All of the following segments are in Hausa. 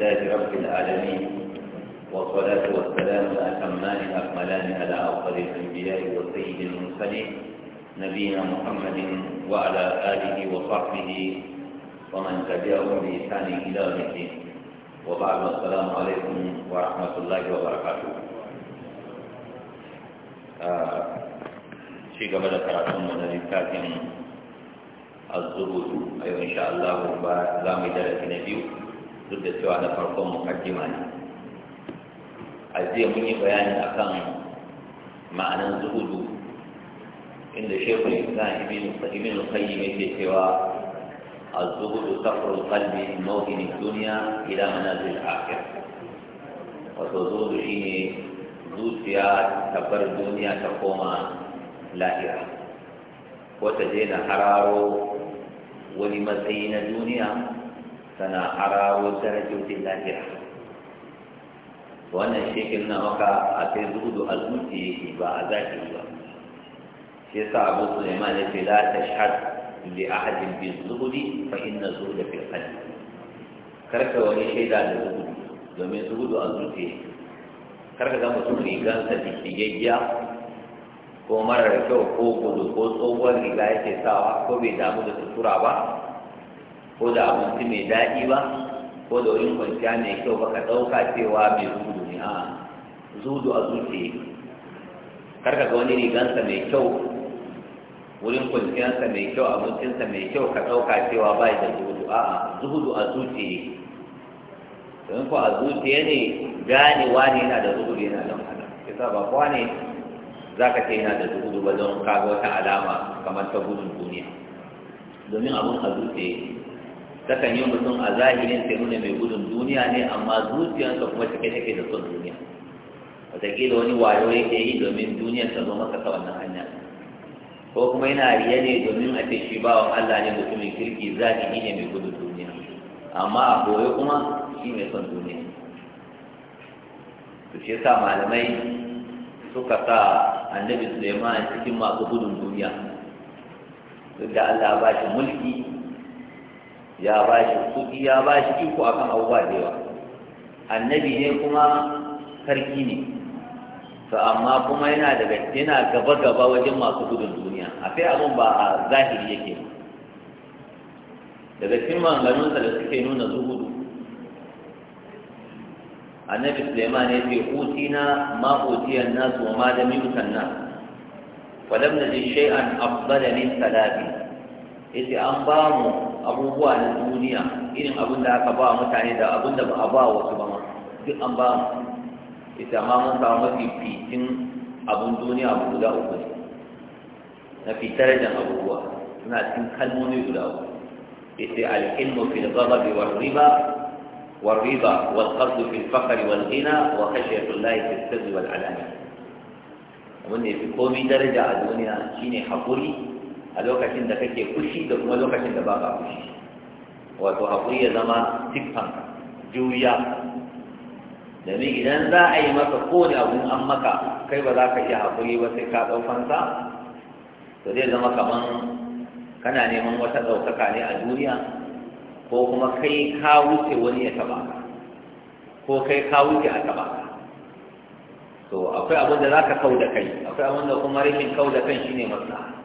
لله رب العالمين والصلاة والسلام الأتمان أكملان على أفضل الأنبياء والسيد المرسلين نبينا محمد وعلى آله وصحبه ومن تبعهم بإحسان إلى يوم الدين وبعد السلام عليكم ورحمة الله وبركاته شيء قبل تراكم من الكاتم الزبود أيوة إن شاء الله لا ذلك نبيه duk da cewa da farkon mukaddima ne a jiya mun yi bayani akan ma'anar zuhudu inda shehu ne ta ibn al ke cewa az-zuhudu tafru qalbi mawdin dunya ila manazil akhir wato zuhudu shine zuciya ta bar duniya ta koma lahira ko ta je na hararo wani matsayi na duniya kana harawo darajojin lahira wannan shekin na maka a kai zuhudu al'uti yake ba a zaki ba shi sa abu suleiman ya ce la tashhad li ahadin bi zuhudi fa inna zuhuda fi qalbi karka wani shaida da zuhudu domin zuhudu al'uti zuciya karka ga mutum rigansa dikiyayya ko marar kyau ko gudu ko tsohuwar riga yake sawa ko bai damu da sutura ba ko da abinci mai daɗi ba ko da wurin kwanciya mai kyau ba ka ɗauka cewa mai zudu ne a zudu a Kar karka ga wani rigansa mai kyau wurin kwanciyarsa mai kyau abincinsa mai kyau ka ɗauka cewa ba da zudu a'a zudu a zuciye. don ko a zuciye ne Gane, wani yana da zudu yana da wahala kisa ba kowa ne za ka ce yana da zudu ba don kaga wata alama kamar ta gudun duniya domin abun a zuciye. takan yi mutum a zahirin sai nuna mai gudun duniya ne amma zuciyarsa kuma cike take da son duniya wataƙila wani wayo yake yi domin duniyar ta zo masa ta wannan hanya ko kuma yana riya ne domin a ce shi bawan Allah ne mutumin kirki zahiri ne mai gudun duniya amma a koyo kuma shi mai son duniya su ce sa malamai suka sa annabi Suleiman cikin masu gudun duniya duk da Allah ba shi mulki ya ba shi kuɗi ya ba shi iko akan abubuwa da yawa annabi ne kuma sarki ne to amma kuma yana daga yana gaba gaba wajen masu gudun duniya a sai abin ba a zahiri yake daga cikin maganganunsa da suke nuna zuhudu annabi suleiman ya ce utina ma utiyan nasu wa ma da mimkan nasu ولم نجد شيئا أفضل من ثلاث إذ أنبام abubuwa na duniya irin abin da aka ba mutane da abin da ba a ba wasu ba duk an ba ita ma mun samu fitin abin duniya abu guda uku ne na fitar da abubuwa suna cikin kalmomi guda uku ita al'ilmu fil ghadabi war riba war riba wal qasd fil fakhr wal ghina wa khashyatu llahi fil sirri wal alani abin da ya fi komai daraja a duniya shine hakuri a lokacin da kake kushi da kuma lokacin da baka kushi wato haƙuri ya zama siffan juya domin idan za a yi maka kowane abin an maka kai ba za ka iya haƙuri ba sai ka ɗaukansa to zai zama kaman kana neman wata ɗaukaka ne a duniya ko kuma kai ka wuce wani ya taɓa ka ko kai ka wuce a taɓa ka to akwai abin da za ka kau da kai akwai abin da kuma rikin kau da kan shine maslaha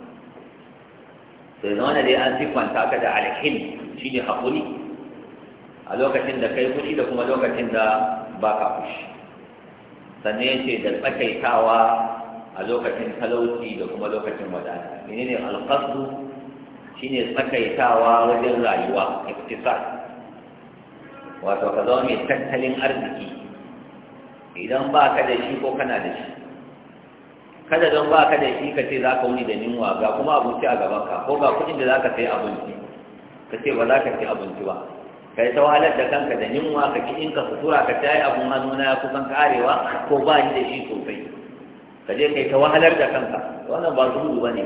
Sai yanzu wani dai an siffanta ka da alhin shi ne haƙuri a lokacin da kai kuɗi da kuma lokacin da ba ka fushi sannan ya ce da tsakaitawa a lokacin talauci da kuma lokacin wadata menene alƙasu shi ne tsakaitawa wajen rayuwa iktisar wato ka zama mai tattalin arziki idan ba ka da shi ko kana da shi kada don ba ka da shi ka ce za ka wuni da ninwa ga kuma abinci a gaban ka ko ga kuɗin da za ka sai abinci ka ce ba za ka ci abinci ba ka yi ta wahalar da kanka da ninwa ka ki in ka sutura ka ta yi abin hannuna ya kusan karewa ko ba ni da shi sosai ka je ka yi ta wahalar da kanka wannan ba zuhudu ba ne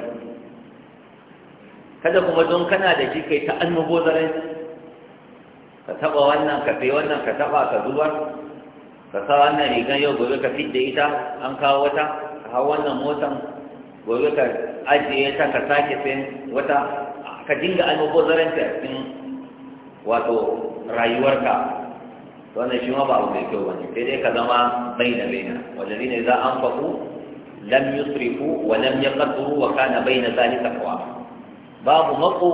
kada kuma don kana da shi ka yi ta annubozarai ka taɓa wannan ka sai wannan ka taɓa ka zubar ka sa wannan rigan yau gobe ka da ita an kawo wata hau wannan motan gobe ka ajiye ta ka sake sayan wata ka dinga almubazaranta cikin wato rayuwarka wannan shi ma ba abu mai kyau bane sai dai ka zama bai na na. baina baina wallazina idza anfaqu lam yusrifu wa lam yaqdiru wa kana baina zalika qawa babu maqu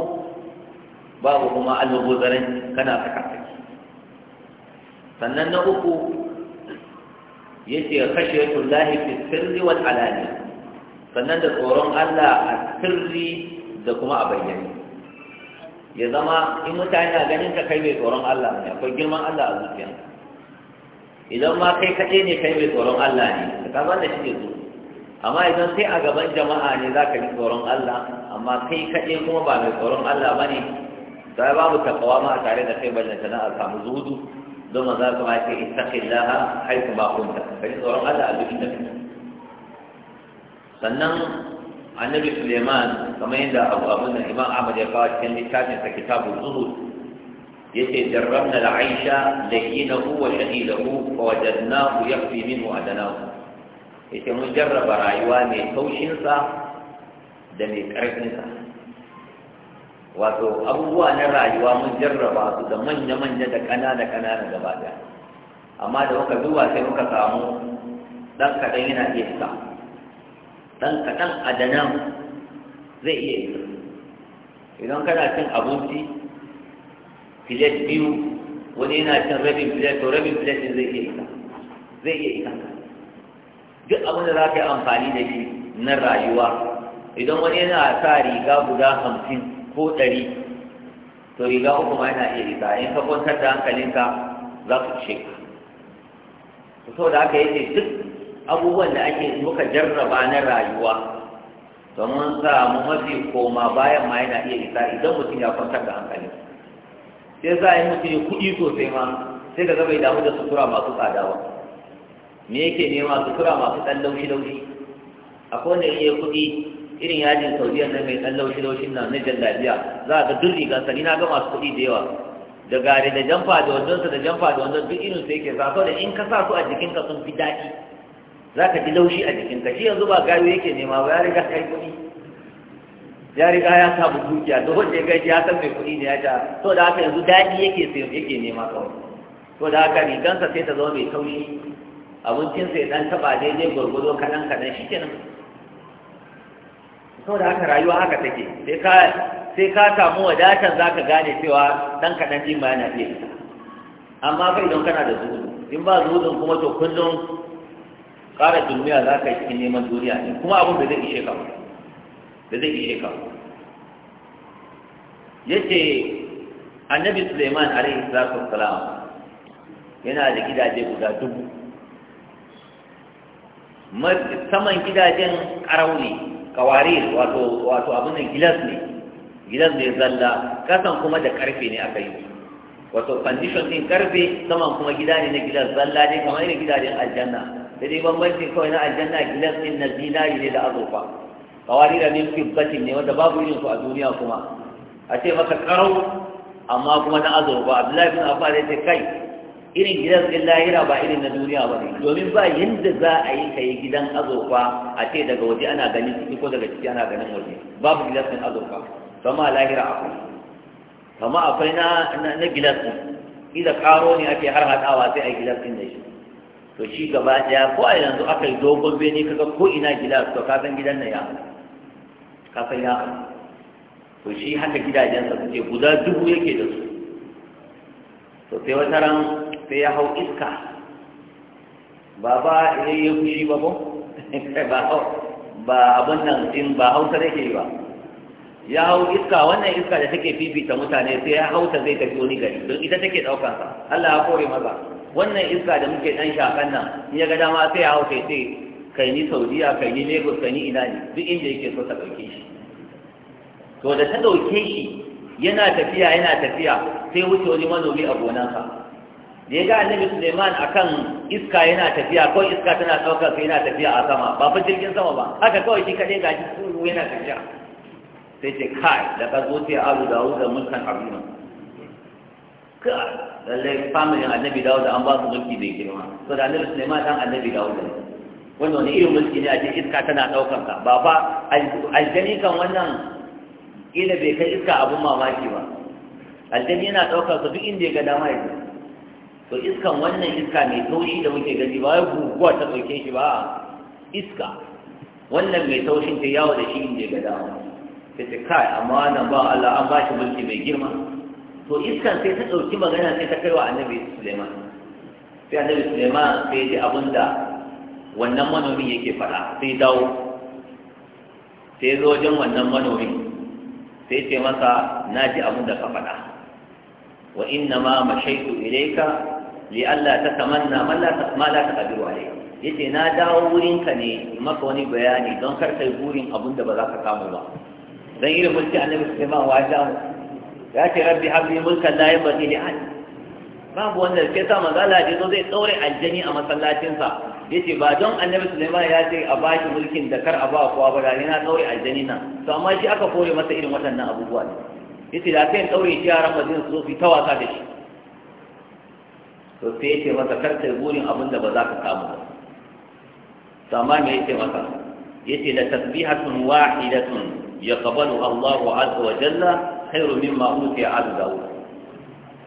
babu kuma almubazaran kana tsakatsaki sannan na uku yace khashyatul lahi fi sirri wal alani sannan da tsoron Allah a sirri da kuma a bayyane ya zama in mutane a ganin ka kai mai tsoron Allah ne akwai girman Allah a zuciya idan ma kai kaɗai ne kai mai tsoron Allah ne ka san da shi ne amma idan sai a gaban jama'a ne za ka ji tsoron Allah amma kai kaɗai kuma ba mai tsoron Allah ba ne sai babu takawa ma a tare da kai ballanta na a samu zuhudu ثم ذات معك اتق الله حيث ما كنت فإن ترى هذا أبي سنن عن نبي سليمان كما عند أبو أبو الإمام أحمد يقال كان لكاتب في كتاب الزهد يتي جربنا العيش لينه وشهيده فوجدناه يخفي منه أدناه يتي مجرب رأيواني توشنسا دمي كرسنسا wato abubuwa na rayuwa mun jarraba su da manya-manya da ƙanana-ƙanana gaba ɗaya amma da muka zuwa sai muka samu ɗan kaɗan yana iya isa ɗan kaɗan a da nan zai iya isa idan kana cin abinci filet biyu wani yana cin rabin filet to rabin filet ne zai iya isa zai iya isa duk abin da za ka yi amfani da shi na rayuwa idan wani yana sa riga guda hamsin ko ɗari to riga uku ma yana iya riga in ka kwantar da hankalinka za su ce ka to da aka yake duk abubuwan da ake muka jarraba na rayuwa to mun samu mafi koma bayan ma yana iya riga idan mutum ya kwantar da hankali sai za a yi mutum ya kuɗi sosai ma sai ka zama bai damu da sutura masu tsada ba me yake nema sutura masu ɗan laushi-laushi akwai wanda iya kuɗi irin yajin saudiya na mai ɗan laushi-laushin nan na dajiya za a ga duk rigar sani na ga masu kuɗi da yawa da gare da jamfa da wandonsa da jamfa da wandon duk irin su yake sa da in ka sa su a jikinka sun fi daɗi za ka ji laushi a jikinka shi yanzu ba gayo yake nema ba ya riga yi kuɗi ya riga ya samu dukiya da wanda ya gaji ya san mai kuɗi ne ya ta to da haka yanzu daɗi yake yake nema kawai to da haka rigansa sai ta zama mai taushi abincinsa ya ɗan taɓa daidai gwargwado kaɗan kaɗan shi kenan Sau da haka rayuwa haka take sai ka sai samu wadatar za ka gane cewa ɗan kaɗan jin ma yana iya amma kai idan kana da zuhudu in ba zuhudun kuma to kullum ƙara duniya za ka yi cikin neman duniya ne kuma abin da zai ishe ka da zai ishe ka yace annabi suleiman alaihi salatu wassalam yana da gidaje guda dubu saman gidajen ƙarau ne kawarir wato abin nan gilas ne gilas ne zalla kasan kuma da karfe ne aka yi wato condition din karfe saman kuma gida ne na gilas zalla ne kamar irin gidajen aljanna da dai bambancin kawai na aljanna gilas din na zinari ne da azurfa kawarir ne kibbatin ne wanda babu irin su a duniya kuma a ce maka karau amma kuma na azurfa abdullahi bin abba ne ce kai irin gidan sun lahira ba irin na duniya ba ne domin ba yadda za a yi ka yi gidan azurfa a ce daga waje ana ganin ciki ko daga ciki ana ganin waje babu gidan sun azurfa kama lahira akwai kama akwai na na gidan sun ila karo ne ake har haɗawa sai a yi gidan sun da shi to shi gaba ɗaya ko a yanzu aka yi dogon bene kaga ko ina gidan to ka san gidan na ya ka san ya to shi haka gidajensa suke guda dubu yake da su to sai wata ran sai ya hau iska ba ba ya yi fushi ba ba ba abin nan in ba hausa da ke yi ba ya hau iska wannan iska da take fifita mutane sai ya hau ta zai tafi wani gari don ita take ɗaukar sa Allah ya kore maza wannan iska da muke ɗan shakan nan in ya ga dama sai ya hau sai sai kai ni saudiya kai ni lagos kai ni ina ne duk inda yake so ta ɗauke shi to da ta ɗauke shi yana tafiya yana tafiya sai wuce wani manomi a gonansa da ya ga annabi suleiman akan iska yana tafiya ko iska tana sauka sai yana tafiya a sama ba fa jirgin sama ba haka kawai shi kaɗai ga shi tsuru yana tafiya sai ce kai da ka zo sai abu da da mulkan abinu ka lallai familin annabi dawo da an ba su mulki bai girma so da annabi suleiman dan annabi dawo da wanda wani irin mulki ne a ce iska tana ɗaukar ka ba fa aljani kan wannan ila bai kai iska abun mamaki ba aljani yana ɗaukar ka duk inda ya ga dama ya to iskan wannan iska mai taushi da muke gani ba ya guguwa ta dauke shi ba iska wannan mai taushin ta yawo da shi inda ga dama ta ce kai amma wannan ba Allah an ba shi mulki mai girma to iskan sai ta ɗauki magana sai ta kai wa annabi Suleiman sai annabi Suleiman sai ya ji abin da wannan manomin yake faɗa sai dawo sai ya zo wajen wannan manomin sai ce masa na ji abin da ka faɗa wa inna ma mashaitu ilaika li Allah ta tamanna man la ma la taqdiru alayhi yace na dawo wurin ka ne maka wani bayani don kar kai burin abin da ba za ka samu ba dan irin mulki annabi Sulaiman wa ja ya ce rabbi habli mulkan la yabghi li ahad babu wanda ke sa manzala ya zo zai daure aljani a masallacinsa yace ba don annabi Sulaiman ya ce a ba shi mulkin da kar a ba kowa ba da na daure aljani nan to amma shi aka kore masa irin waɗannan abubuwa ne yace da kai daure shi yaran madina su zo su ta wasa da shi to sai ya ce masa karka burin abin da ba za ka samu ba sama me ya ce masa ya ce da tasbihatun wahidatun ya qabalu Allahu azza wa jalla khairu mimma utiya al daud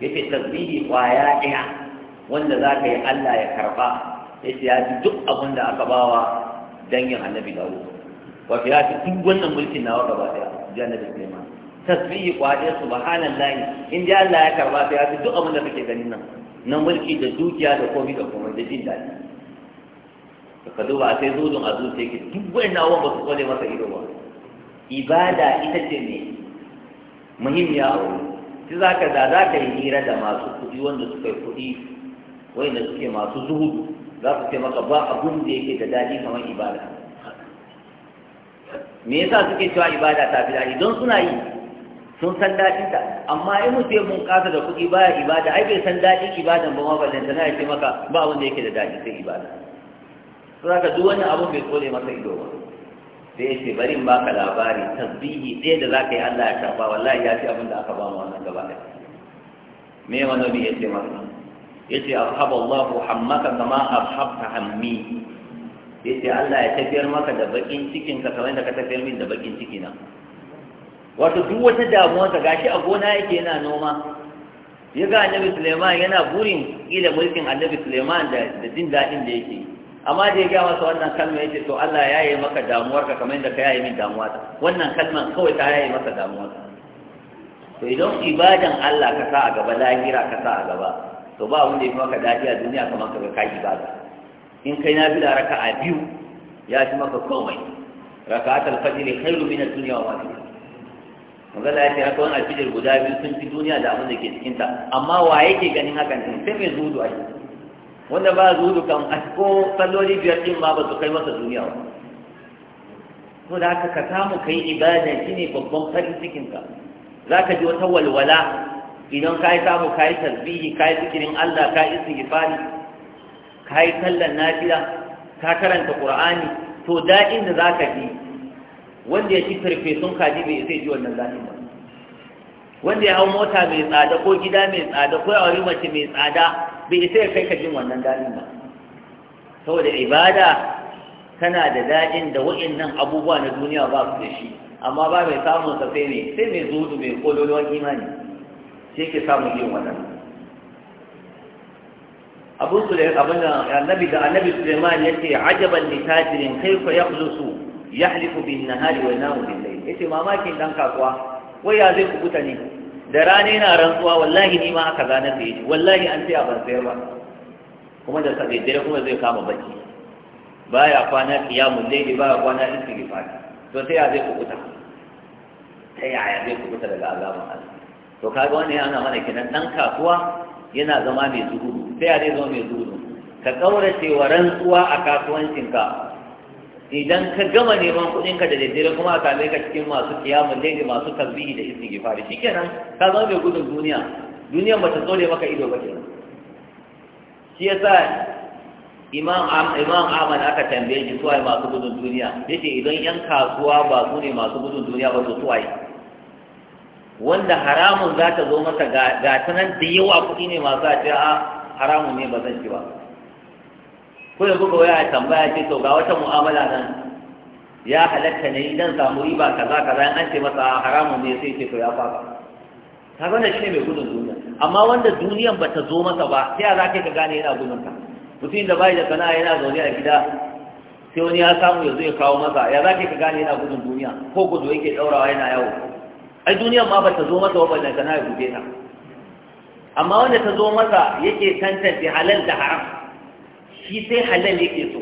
ya ce tasbihi kwaya ɗaya wanda za ka yi Allah ya karba ya ce ya ji duk abin da aka bawa dangin annabi daud wato ya fi duk wannan mulkin nawa gaba ɗaya ji annabi Sulaiman tasbihi kwaya ɗaya subhanallahi in ji Allah ya karba sai ya fi duk abin da kake ganin nan na mulki da dukiya da komai da komai da jin daɗi da ka duba sai zudun a zuciya yake duk wani na ba su kone masa ido ba ibada ita ce ne muhimmiya a wuri shi za ka da za ka yi hira da masu kuɗi wanda suka yi kuɗi wanda suke masu zuhudu za su ce maka ba abun da yake da daɗi kamar ibada me yasa suke cewa ibada ta fi daɗi don suna yi sun san daɗin ta amma in mu sai mun kasa da kuɗi baya ibada ai bai san daɗin ibadan ba ma ballanta na ya maka ba abin da yake da daɗi sai ibada sai ka duk wannan abin bai tsole masa ido ba sai ya ce bari in baka labari tasbihi ɗaya da zaka yi Allah ya shafa. wallahi ya ce abin da aka ba mu wannan gaba ɗaya me manomi ya ce masa ya ce ashaballahu hammaka kama ashabta hammi ya ce Allah ya tafiyar maka da bakin cikinka kamar da ka tafiyar min da bakin cikina wato duk wata damuwarsa gashi a gona yake yana noma ya ga annabi suleiman yana burin ila mulkin annabi suleiman da jin daɗin da yake amma da ya gaya masa wannan kalma yace to Allah ya yi maka damuwarka kamar yadda ka yayi min damuwata wannan kalman kawai ta yayi masa damuwarka to idan ibadan Allah ka sa a gaba lahira ka sa a gaba to ba wanda ya fi maka daɗi a duniya kamar ka ga ka ibada in kai na bi da raka'a biyu ya fi maka komai raka'atul fajr khairu min ad-dunya wa ma fiha magana ya ce haka wani alfijir guda biyu sun fi duniya da abin da ke cikinta amma wa yake ganin hakan ne sai mai zuhudu ai wanda ba zuhudu kan a ko salloli biyar din ma ba su kai masa duniya ba to da haka ka samu ka yi ibada shi ne babban farin cikinka za ka ji wata walwala idan ka yi samu ka yi tasbihi ka yi zikirin Allah ka yi istighfari ka yi sallar nafiya ka karanta qur'ani to daɗin da za ka ji wanda ya ci farfesun kaji bai sai ji wannan zafi ba wanda ya hau mota mai tsada ko gida mai tsada ko yawari mace mai tsada bai ya kai ka jin wannan daɗin ba saboda ibada tana da daɗin da wa'annan abubuwa na duniya ba su da shi amma ba mai samun sa sai ne sai mai zuhudu mai kololuwan imani sai ke samun yin wannan abu su da abin da annabi da annabi suleiman ya ce ajaban li tajirin kaifa yakhlusu yahlifu bin nahari wa yanamu bil Ya yace mamakin dan kasuwa wai ya zai kubuta ne da rana yana rantsuwa wallahi ni ma aka gane sai yace wallahi an sai a ban sayar ba kuma da sai dare kuma zai kama baki baya kwana qiyamul layli baya kwana istighfar to sai ya zai kubuta ta yaya zai kubuta daga azaban Allah to kaga wannan yana mana kenan dan kasuwa yana zama mai zuhudu sai ya zai zama mai zuhudu ka kaurace wa rantsuwa a kasuwancinka idan ka gama neman kuɗin ka da daidai kuma a same ka cikin masu ne da masu tasbihi da ke fari shikenan ka zama mai gudun duniya duniya ba ta tsore maka ido ba ke. shi ya sa imam Ahmad aka tambaye shi suwaye masu gudun duniya ce idan yan kasuwa ba su ne masu gudun duniya ba su suwaye wanda haramun za ta zo masa ga ta nan da yawa kuɗi ne masu a a haramun ne ba zan ci ba ko da kuka waya tambaya ce to ga wata mu'amala nan ya halatta ne idan samu riba kaza kaza an ce masa ah, haramun ne sai ce to ya fafa kaga wannan shine mai gudun duniya amma wanda duniyan ba ta zo masa ba sai ya zaka ka gane yana gudun ka mutum da bai da kana yana zaune a gida sai wani ya samu ya zo ya kawo masa ya zaka ka gane yana gudun duniya ko gudu yake daurawa yana yawo ai duniyan ma ba ta zo masa ba balle kana ya guje ta amma wanda ta zo masa yake tantance halal da haram shi sai halal yake so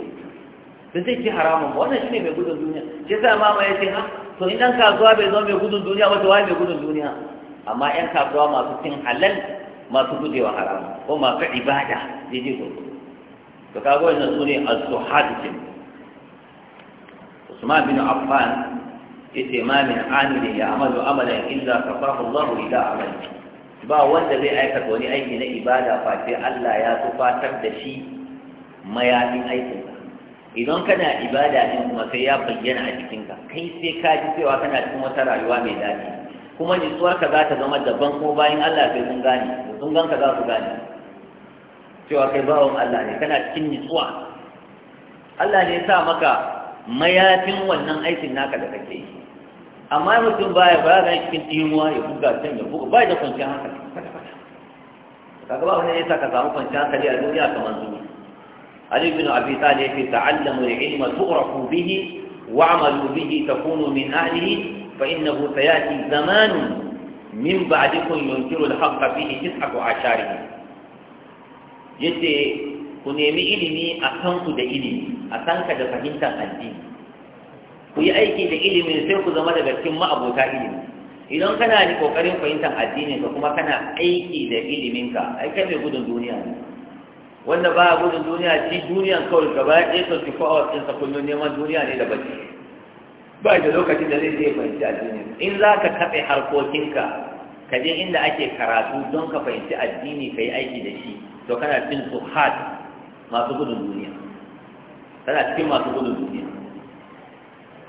da zai ci haramun ba wannan ne mai gudun duniya shi sa mama ya ce ha to in ɗan kasuwa bai zama mai gudun duniya wata wai mai gudun duniya amma ƴan kasuwa masu cin halal masu gujewa haramun ko masu ibada daidai gurgurdu to kaga wannan sune az-zuhad Usman bin Affan yace ma min amili ya amalu amalan illa kafahu Allah ila amali ba wanda zai aikata wani aiki na ibada face Allah ya tufatar da shi mayafin aikinka idan kana ibada din kuma sai ya bayyana a jikinka kai sai ka ji cewa kana cikin wata rayuwa mai daɗi kuma nutsuwarka za ta zama daban ko bayan Allah sai sun gane da sun ganka za su gane cewa kai bawan Allah ne kana cikin nutsuwa Allah ne ya sa maka mayafin wannan aikin naka da kake yi amma mutum baya ba ga cikin tiyuwa ya buga can ya buga ba da kwanciyar hankali kaga ba wani ya sa ka samu kwanciyar hankali a duniya kamar duniya ale bi na abi ta ale fi ta ale ni ma tu bihi wa ama lu bihi ta kun mi na ale yi fa yi na fo ta ya ti ba ale ko n yɔ n bihi ti sa a caari mi. yi te ko a san da ili mi a san da fa yi ku yi aiki da ilimi sai ku zama daga cikin ma abota ili mi. idan kana ni kokarin fahimtar addini ka kuma kana aiki da iliminka, ka mai gudun duniya wanda ba a gudun duniya ci duniyan kawai gaba ya ɗaya sauki wasu ɗinsa kullum neman duniya ne da bacci ba da lokacin da zai je fahimci addini in za ka taɓe harkokinka ka je inda ake karatu don ka fahimci addini ka yi aiki da shi to kana cin su hard masu gudun duniya kana cikin masu gudun duniya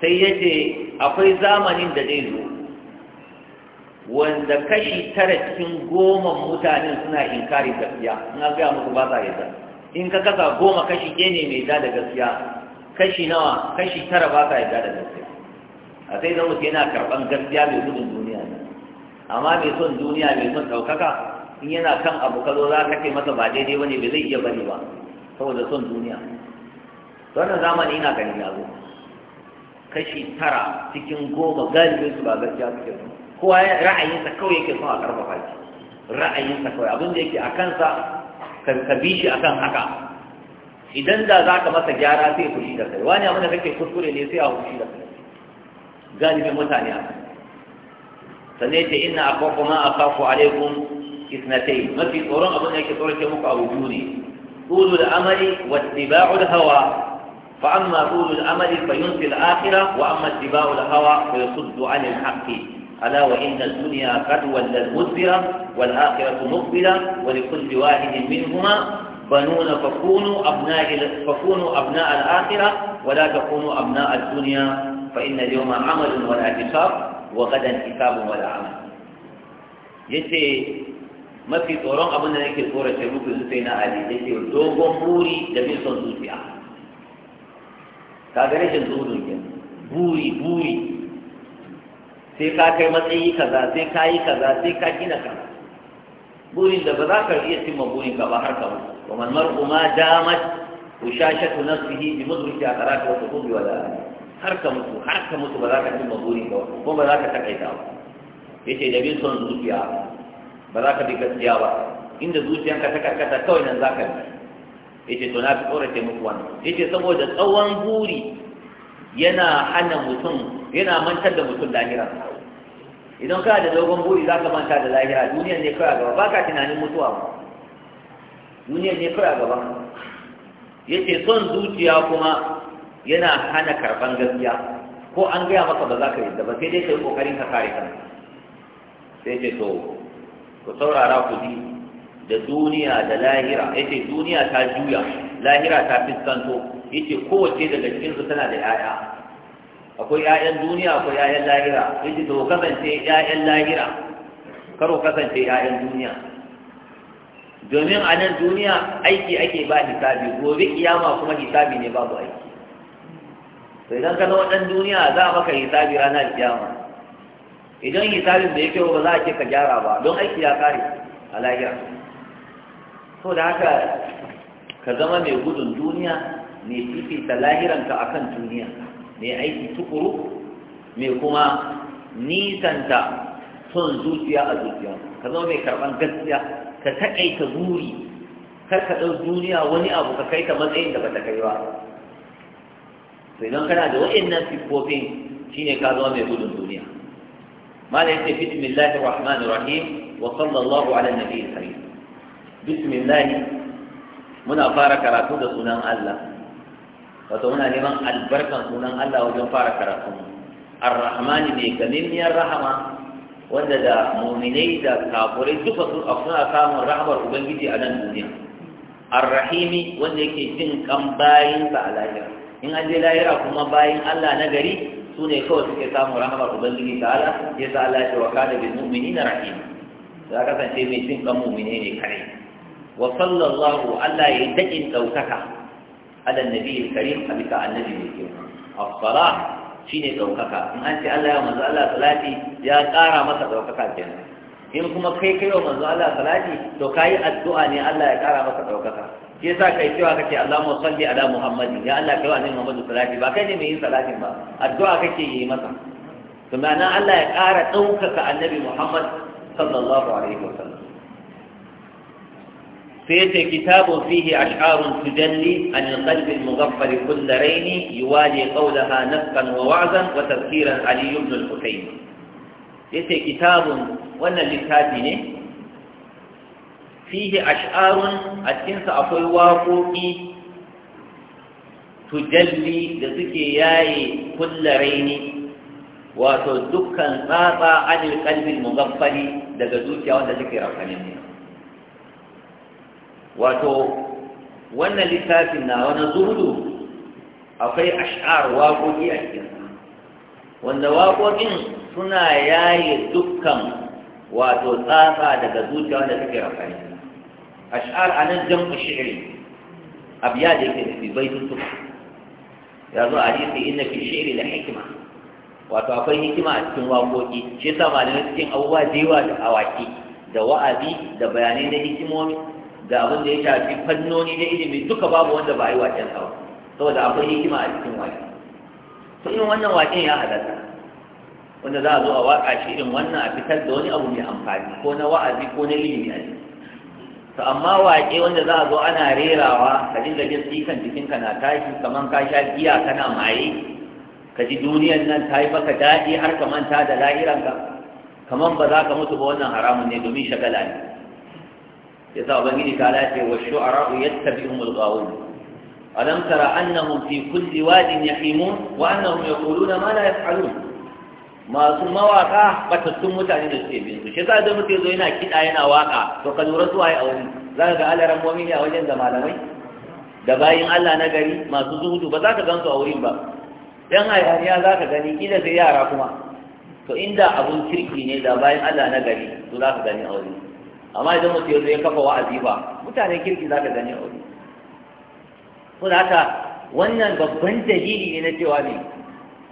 sai ya ce akwai zamanin da zai zo wanda kashi tara cikin goma mutanen suna inkari gaskiya in gaya muku ba sa yadda in ka kasa goma kashi ɗaya ne mai da da gaskiya kashi nawa kashi tara ba sa yadda da gaskiya a sai zan mutu yana karɓan gaskiya mai gudun duniya ne amma mai son duniya mai son ɗaukaka in yana kan abu zo za ka ce masa ba daidai ba ne bai zai iya bari ba saboda son duniya wannan zamani ina ganin yazo kashi tara cikin goma galibin su ba gaskiya suke zuwa kowa ra'ayinsa kawai yake son a karfafa shi ra'ayinsa kawai abin da yake a kansa ka bi shi akan haka idan da za ka masa gyara sai fushi da kai wani abin da kake kuskure ne sai a fushi da kai galibin mutane a sannan ce ina a kafa ma a kafa alaikum isnatai mafi tsoron abin da yake tsoron ke muku abu biyu ne طول الأمل واتباع الهوى فأما طول الأمل فينسي الآخرة وأما اتباع الهوى فيصد عن الحق ألا وإن الدنيا قد ولت مدبرة والآخرة مقبلة ولكل واحد منهما بنون فكونوا أبناء فكونوا أبناء الآخرة ولا تكونوا أبناء الدنيا فإن اليوم عمل ولا حساب وغدا حساب ولا عمل yace mafi tsoron abin da nake tsorace muku zuwa na ali yace dogon buri da bin son zuciya ka ga rashin zuwa buri buri sai ka kai matsayi kaza sai ka yi kaza sai ka gina ka burin da ba za ka iya cimma burin ka ba har ka mutu wa man mar'u ma damat ushashatu nafsihi bi mudriki aqrati wa tuqbi wa la har ka mutu har ka mutu ba za ka cimma burin ka ko ba za ka takaita ba yace da bin son zuciya ba za ka bi gaskiya ba inda ka ta karkata kawai nan za ka bi yace to na fi tsorata muku wannan yace saboda tsawon buri yana hana mutum yana mantar da mutum lahira idan kana da dogon buri za ka manta da lahira duniyan ne kawai gaba ba ka tunanin mutuwa ba duniyan ne kawai gaba ya ce son zuciya kuma yana hana karban gaskiya ko an gaya maka ba za ka Da ba sai dai ka yi ƙoƙarin ka kare kan sai ce to ku saurara ku ji da duniya da lahira ya ce duniya ta juya lahira ta fiskanto yace kowace daga cikin su tana da ƴaƴa akwai ƴaƴan duniya akwai ƴaƴan lahira yace to kasance ƴaƴan lahira karo kasance ƴaƴan duniya domin a nan duniya aiki ake ba hisabi gobe kiyama kuma hisabi ne babu aiki to idan ka zama ɗan duniya za a maka hisabi ranar kiyama idan hisabin da kyau ba za a ce ka gyara ba don aiki ya kare a lahira to da haka ka zama mai gudun duniya mai fifita lahiranka a kan duniya mai aiki tukuru mai kuma nisanta son zuciya a zuciya ka zama mai karban gaskiya ka taƙaita buri kar ka ɗau duniya wani abu ka kai ta matsayin da ba ta kai ba to idan kana da waɗannan siffofin shine ka zama mai gudun duniya Malam yace bismillahir rahmanir rahim wa sallallahu ala nabiyil karim bismillah muna fara karatu da sunan Allah wato muna neman albarkan sunan Allah wajen fara karatu ar-rahman ne gamimiyar rahama wanda da mu'minai da kafirai duka sun suna samun rahamar ubangiji a nan duniya ar-rahimi wanda yake jin kan bayin sa a lahira in an je lahira kuma bayin Allah na gari su ne kawai suke samun rahamar ubangiji ta'ala ya sa Allah ya wa kana bil mu'minina rahima za kasance mai jin kan mumine ne kare wa sallallahu Allah ya daɗin ɗaukaka ala nabi karim abika annabi mai girma as-salah shine daukaka in an ce Allah ya manzo Allah ya ƙara masa daukaka kenan in kuma kai kai wa manzo Allah salati to kai addu'a ne Allah ya ƙara masa daukaka ke sa kai cewa kake Allahumma salli ala Muhammadin ya Allah kai wa annabi Muhammadu salati ba kai ne mai yin salatin ba addu'a kake yi masa to Allah ya ƙara ɗaukaka annabi Muhammad sallallahu alaihi فيت كتاب فيه أشعار تجلي عن القلب المغفل كل رين يوالي قولها نفقا ووعظا وتذكيرا علي بن الحسين فيت كتاب وانا لكاتب فيه أشعار أتنسى أقول واقوكي tujalli da suke yaye kulla raini wato dukkan tsatsa anil kalbin mugaffali daga zuciya wanda suke rafanin ne wato wannan littafin na wani zuhudu akwai ash'ar waƙoƙi a cikinsa wanda waƙoƙin suna yaye dukkan wato tsatsa daga zuciya wanda take rafani ash'ar a nan jam'u ya abiya da yake tafi bai tuntun ya zo a jisi ina fi shi'ri da hikima wato akwai hikima a cikin waƙoƙi shi sama da cikin abubuwa da yawa da awaki da wa'azi da bayanai na hikimomi Ga abin da ya shafi fannoni na ilimi duka babu wanda ba yi waken sa ba saboda akwai hikima a cikin waken to irin wannan waken ya halatta wanda za a zo a waka shi irin wannan a fitar da wani abu mai amfani ko na wa'azi ko na ilimi a to amma waƙe wanda za a zo ana rerawa ka dinga jin tsikan jikinka na tashi kamar ka sha giya kana maye ka ji duniyan nan ta yi maka daɗi har ka manta da lahiranka kamar ba za ka mutu ba wannan haramun ne domin shagala ne yasa ubangiji ta lace wa shu'ara yattabi'uhum al-ghawun alam tara annahum fi kulli wadin yahimun wa annahum yaquluna ma la yaf'alun masu mawaka batattun mutane da suke bin su shi yasa da mutum zo yana kiɗa yana waka to ka lura su waye a wani za ka ga alaran mu'mini a wajen da malamai da bayin Allah na gari masu zuhudu ba za ka gansu a wurin ba dan hayaniya za ka gani kila sai yara kuma to inda abun kirki ne da bayan Allah na gari to za ka gani a wurin amma idan mutum ya zo ya kafa wa'azi ba mutane kirki za ka gani a wuri ko da haka wannan babban dalili ne na cewa ne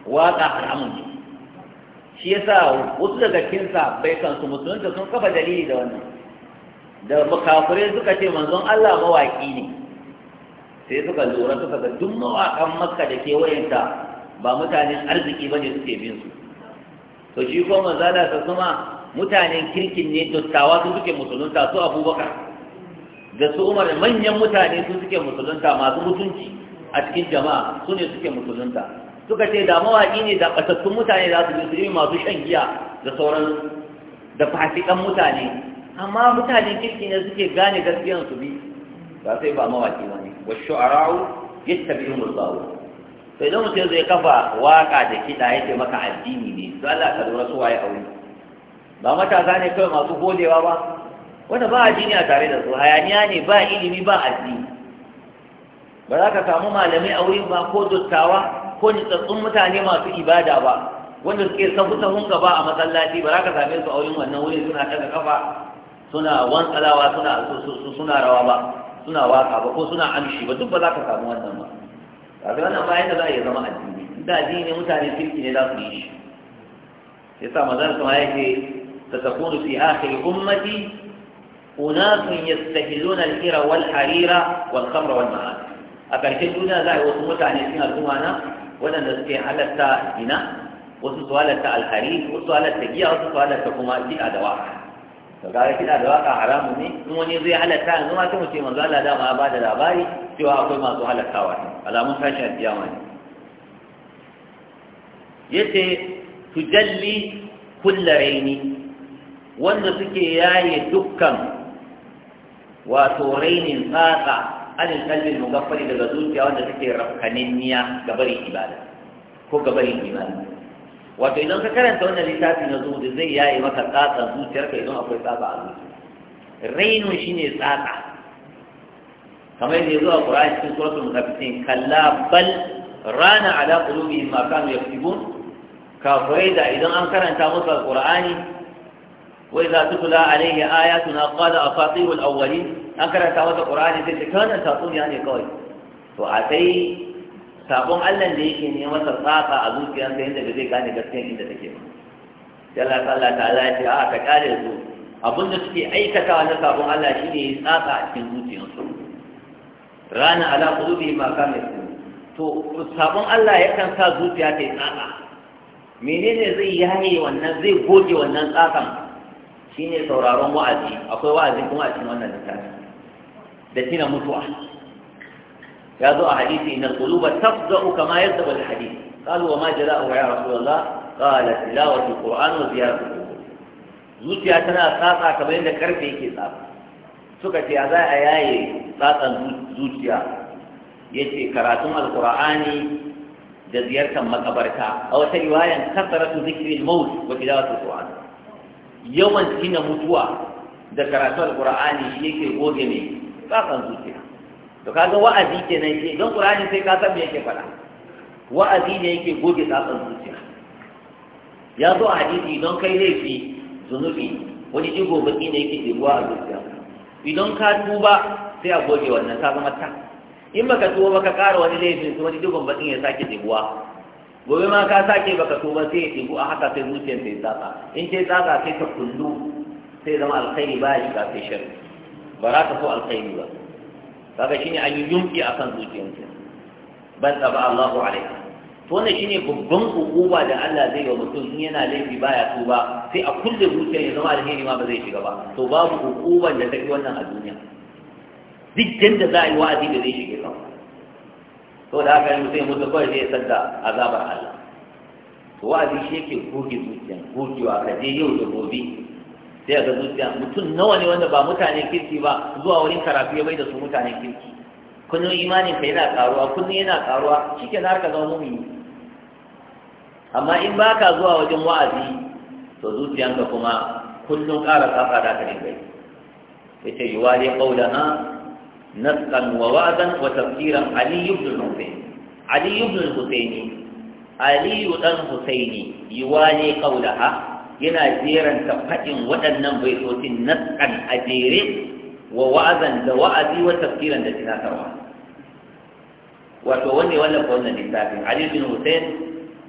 waƙa haramun ne shi sa wasu daga cikin bai kan su musulunta sun kafa dalili da wannan da makafirai suka ce manzon Allah mawaƙi ne sai suka lura suka ga duk mawaƙan makka da wayanta ba mutanen arziki ba ne suke bin su to shi ko manzala ta kuma mutanen kirkin ne dottawa su suke musulunta su abubakar da su umar manyan mutane su suke musulunta masu mutunci a cikin jama'a su ne suke musulunta suka ce da mawaƙi ne da ɓatattun mutane za su bi su yi masu shan giya da sauran da fasikan mutane amma mutanen kirki ne suke gane gaskiyan su bi ba sai ba mawaƙi ba ne wa shu'ara'u yattabi'un al-zawud sai don mutum zai kafa waka da kiɗa yake maka addini ne to Allah ka lura su waye aure ba matasa ne kawai masu godewa ba wanda ba addini a tare da su hayaniya ne ba ilimi ba addini ba za ka samu malamai a wurin ba ko dottawa ko nitsatsun mutane masu ibada ba wanda suke sabu sahun gaba a masallaci ba za ka same su a wurin wannan wurin suna daga kafa suna wantsalawa suna suna rawa ba suna waka ba ko suna amshi ba duk ba za ka samu wannan ba kaga wannan bayan da za a iya zama addini da addini mutane kirki ne za su yi shi yasa sa mazan sama yake ستكون في آخر أمتي أناس يستهلون الحر والحرير والخمر والمعاد أكرشن دونا ذا وسموت عن السنة الأمانة ولا نستطيع على التأذنة وسوء على الحرير وسوء على التجيع وسوء على التكما في الأدواء فقال في الأدواء حرام مني وني زي على التأذنة ما تمشي من ذا لا ما بعد الأباري سوى أقول ما سوى على التواحد على منفشة الديوان يتي تجلي كل عيني wanda suke yaye dukkan wato rainin tsatsa anil kalbin mugaffali daga zuciya wanda take rafkaninniya ga barin ibada ko ga barin ibada wato idan ka karanta wannan littafi na zuhudu zai yaye maka tsatsa zuciyarka idan akwai tsatsa a zuciya rainu shine tsatsa kamar yadda zuwa qur'ani cikin suratul mutaffifin kalla bal rana ala qulubihim ma kanu yaktubun kafirai da idan an karanta musu alqur'ani وإذا تتلى عليه آياتنا قال أساطير الأولين أكرا تاوت القرآن يقول كان تاطون يعني قوي وعتي تاطون ألا ليك إن يوم ترطاقة أزوك أن تهند بذيك أن يكتين إن تتكيب يلا تعالى تعالى يتعاك كالي الزوك أبن نسكي أي كتاوة تاطون ألا شيني يساقع أشكين زوتي نصر رانا على قلوبه ما كان يسكين to sabon Allah yakan sa zuciya ta yi tsaka menene zai yaye wannan zai goge wannan tsakan ne sauraron wa'azi akwai wa'azi kuma a cikin wannan littafi da tina mutuwa ya zo a hadisi inal quluba tafza'u kama yadda al hadith qalu wa ma jala'u ya rasulullah qala tilawatu alquran wa ziyaratu zuciya tana tsatsa kamar yadda karfe yake tsatsa suka ce a za a yaye tsatsan zuciya yace karatun alqur'ani da ziyartar makabarta a wata riwayan kasaratu zikril maut wa tilawatu alquran yawan tina mutuwa da karatu alqur'ani shi yake goge ne kakan zuciya to kaga wa'azi ke nan ke, don qur'ani sai ka san me yake faɗa wa'azi ne yake goge kakan zuciya ya zo a hadisi don kai laifi zunubi wani digo baki ne yake dibuwa a zuciya idan ka tuba sai a goge wannan ka zama ta in baka tuba baka ƙara wani laifin su wani digon bakin ya sake dibuwa gobe ma ka sake baka tuba sai ya ɗigo a haka sai zuciyar ta yi tsaka in ce tsaka sai ta kullu sai zama alkhairi ba ya shiga sai shari ba za ka so alkhairi ba kaga shine an yi yunki zuciyar zuciyarsa ban tsaba Allahu alaihi to wannan shine babban hukuma da Allah zai wa mutum in yana laifi baya tuba sai a kulle zuciyar ya zama alheri ma ba zai shiga ba to babu hukuman da ta fi wannan a duniya duk da za a yi wa'azi da zai shiga kawai saboda haka mutum ya mutu kawai zai san da azabar Allah to wa'azi shi yake goge zuciya gogewa ka je yau da gobe sai ga zuciya mutum nawa ne wanda ba mutane kirki ba zuwa wurin karatu ya bai da su mutanen kirki kullum imanin ka yana karuwa kullum yana karuwa Cike na harka zama mumi amma in ba ka zuwa wajen wa'azi to zuciyanka kuma kullum ƙara tsafa da ka dinga yi wa ne ƙaunana نطقا ووعدا وتفكيرا علي بن الحسين علي بن الحسين علي بن حسين يوالي قولها yana jeranta faɗin waɗannan baitocin naskan a jere wa wa'azan da wa'azi wa tafkiran da tunatarwa wato wanne wallafa wannan littafin Ali bin Hussein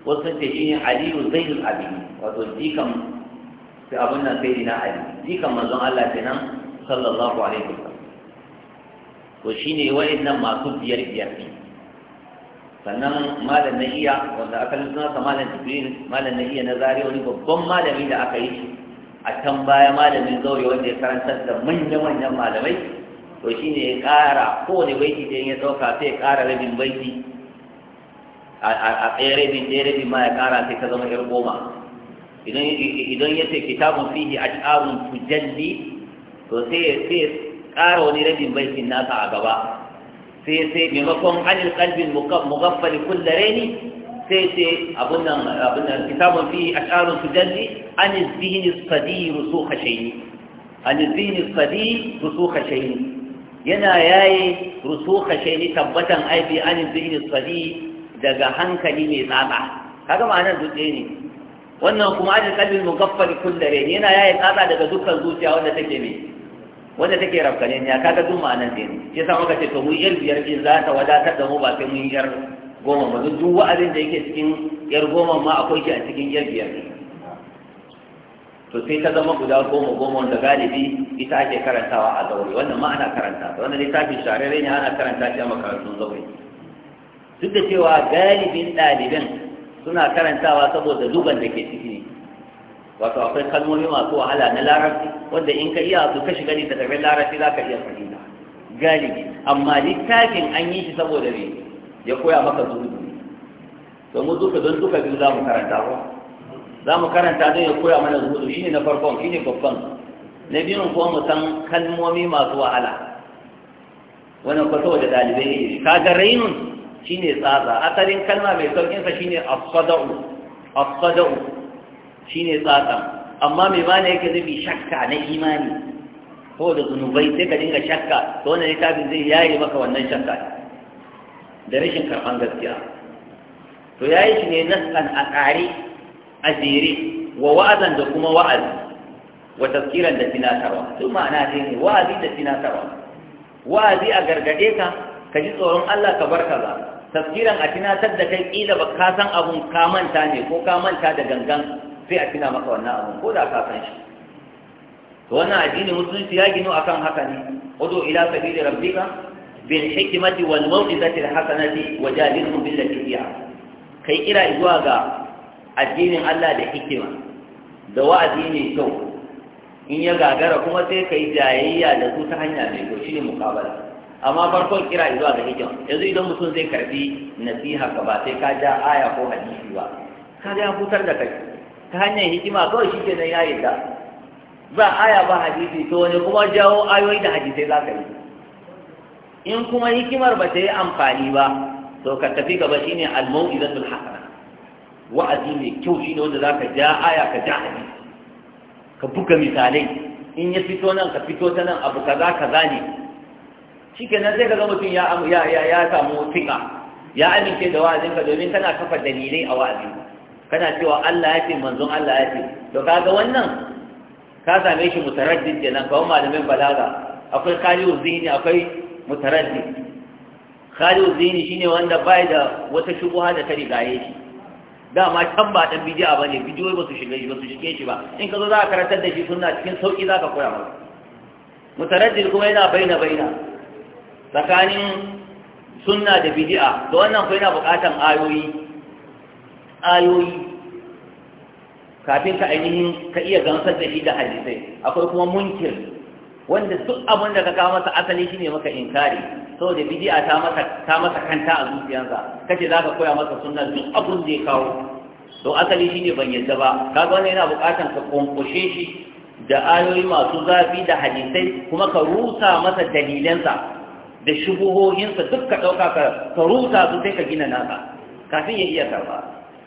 wasu ce shi ne Aliyu Zainul Abidin wato jikan abin nan sai na Ali jikan manzon Allah kenan sallallahu alaihi wasallam to shine nan masu biyar biyar ne sannan malam na iya wanda aka lissa na malam jibrin malam na iya na zare wani babban malami da aka yi a can baya malamin zaure wanda ya karanta da manya-manyan malamai to shine ya kara kowane baiti da ya ɗauka sai ya kara rabin baiti a ɗaya rabin ɗaya rabin ma ya kara sai ka zama yar goma idan ya ce kitabun fihi ash'arun tujalli to sai ya ƙara wani rabin baikin nasa a gaba sai sai maimakon anil qalbin mughaffal kull raini sai sai abun nan abun nan kitabun fi ash'arun sujalli an zihni sadir rusukh shayni an zihni sadir rusukh shayni yana yayi rusukh shayni tabbatan aibi an zihni sadir daga hankali mai tsatsa kaga ma'anar dutse ne wannan kuma anil qalbin mughaffal kull raini yana yayi tsada daga dukkan zuciya wanda take mai wanda take rafkane ne kaga duk ma'anar da ne shi yasa maka ce to mu yar biyar din za ta wadatar da mu ba sai mun yar goma ba duk wa'azin da yake cikin yar goma ma akwai shi a cikin yar biyar to sai ta zama guda goma goma wanda galibi ita ake karantawa a zaure wannan ma ana karanta wannan littafin shahararre ne ana karanta shi a makarantun zaure duk da cewa galibin ɗaliban suna karantawa saboda zuban da ke ciki wato akwai kalmomi masu wahala na larabci wanda in ka iya su ka shiga ne takardar larabci za ka iya fahimta galibi amma littafin an yi shi saboda ne ya koya maka zuhudu to mu duka don duka biyu za mu karanta ba za mu karanta don ya koya mana zuhudu shine na farkon shine babban na biyun kuma mu san kalmomi masu wahala Wani ko saboda dalibai ne kaga rainun shine tsatsa asalin kalma mai saukin sa shine as-sada'u Shi ne tsatsan amma mai mana yake zafi shakka na imani ko da zunubai sai ka dinga shakka to wannan littafin zai yaye maka wannan shakka da rashin karfan gaskiya to yayi shi ne nasan a ƙare a jere wa wa'azan da kuma wa'azi wa taskiran da tinatarwa Su ma'ana sai ne wa'azi da tinatarwa wa'azi a gargaɗe ka ka ji tsoron Allah ka bar kaza taskiran a tinatar da kai ƙila ba ka san abun ka manta ne ko ka manta da gangan sai a tuna maka wannan abun ko da ka san shi to wannan addinin musulunci ya gino akan haka ne udu ila sabili rabbika bil hikmati wal mawqizati al hasanati wajadilhum billati hiya kai kira zuwa ga addinin Allah da hikima da wa'azi ne kyau in ya gagara kuma sai kai jayayya da su ta hanya mai kyau shine muqabala amma farkon kira zuwa ga hikima yanzu idan mutum zai karbi nasiha ka ba sai ka ja aya ko hadisi ba ka ya hutar da kai ta hanyar hikima kawai shi kenan ya yi ta ba aya ba hadisi to ne kuma jawo ayoyi da hadisai za ka yi in kuma hikimar ba ta yi amfani ba to ka tafi gaba shi ne shine al sun hasana wa'azi mai kyau shi ne wanda za ka ja aya ka ja hadisi ka buga misalai in ya fito nan ka fito ta nan abu kaza kaza ne shikenan sai kaga mutum ya ya ya, ya samu fiƙa, ya amince da wa'azin domin kana kafa dalilai a wa'azin kana cewa Allah ya ce manzon Allah ya ce to kaga wannan ka same shi mutaraddid kenan wani malamin balaga akwai khaliu zihni akwai mutaraddid khaliu zihni shine wanda bai da wata shubuha da ta gaye shi dama can ba dan bidi'a bane bidiyoyi ba su shiga shi ba su shike shi ba in ka zo za ka karantar da shi sunna cikin sauki za ka koya masa mutaraddid kuma yana baina baina tsakanin sunna da bidi'a to wannan fa yana bukatan ayoyi ayoyi kafin ka ainihin ka iya gamsar da shi da hadisai akwai kuma munkir wanda duk abin da ka kawo masa asali ne maka inkari saboda bidi'a ta masa ta masa kanta a zuciyarsa kace zaka koya masa sunna duk abin da ya kawo to asali ne ban yadda ba kaga wannan yana bukatan ka kwankwashe shi da ayoyi masu zafi da hadisai kuma ka rusa masa dalilansa da shubuhohinsa duk ka ɗauka ka rusa su sai ka gina naka kafin ya iya karba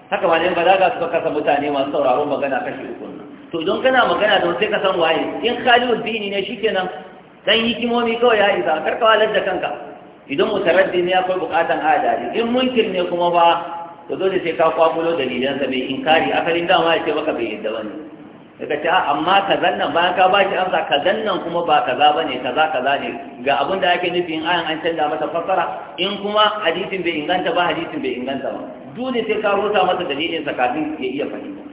haka ma ne balaga ka kasa mutane masu sauraron magana kashi uku to idan kana magana da wasu ka san waye in khalilu dini ne shikenan dan hikimomi kawai ya isa kar karka walar da kanka idan mutaraddi ne akwai bukatan adali in munkir ne kuma ba to dole sai ka kwakulo dalilan sa mai inkari akalin dama ya ce baka bai yadda bane daga ce amma ka zannan bayan ka ba shi amsa ka zannan kuma ba kaza ba ne kaza kaza ne ga abin da ake nufi in ayan an canza masa fassara in kuma hadisin bai inganta ba hadisin bai inganta ba dole sai ka rusa masa dalilin sa kafin ya iya fahimta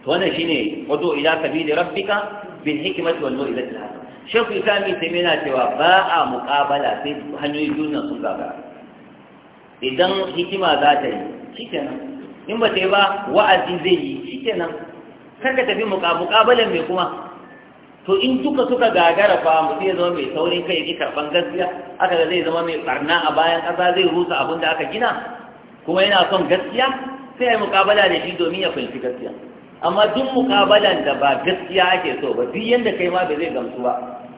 to wannan shine wato ila kabili rabbika bil hikmati wal mu'izati al hasana shekhu isami sai na cewa ba a muqabala sai hanyoyi biyu sun gaba idan hikima za ta yi shikenan in ba ta yi ba wa'azi zai yi shikenan kar ka tafi muƙabalan mai kuma to in duka suka gagara fa mutum ya zama mai saurin kai ki karban gaskiya aka ga zai zama mai barna a bayan ƙasa zai rusa abin da aka gina kuma yana son gaskiya sai ya muƙabala da shi domin ya fahimci gaskiya amma duk muƙabalan da ba gaskiya ake so ba duk yanda kai ma ba zai gamsu ba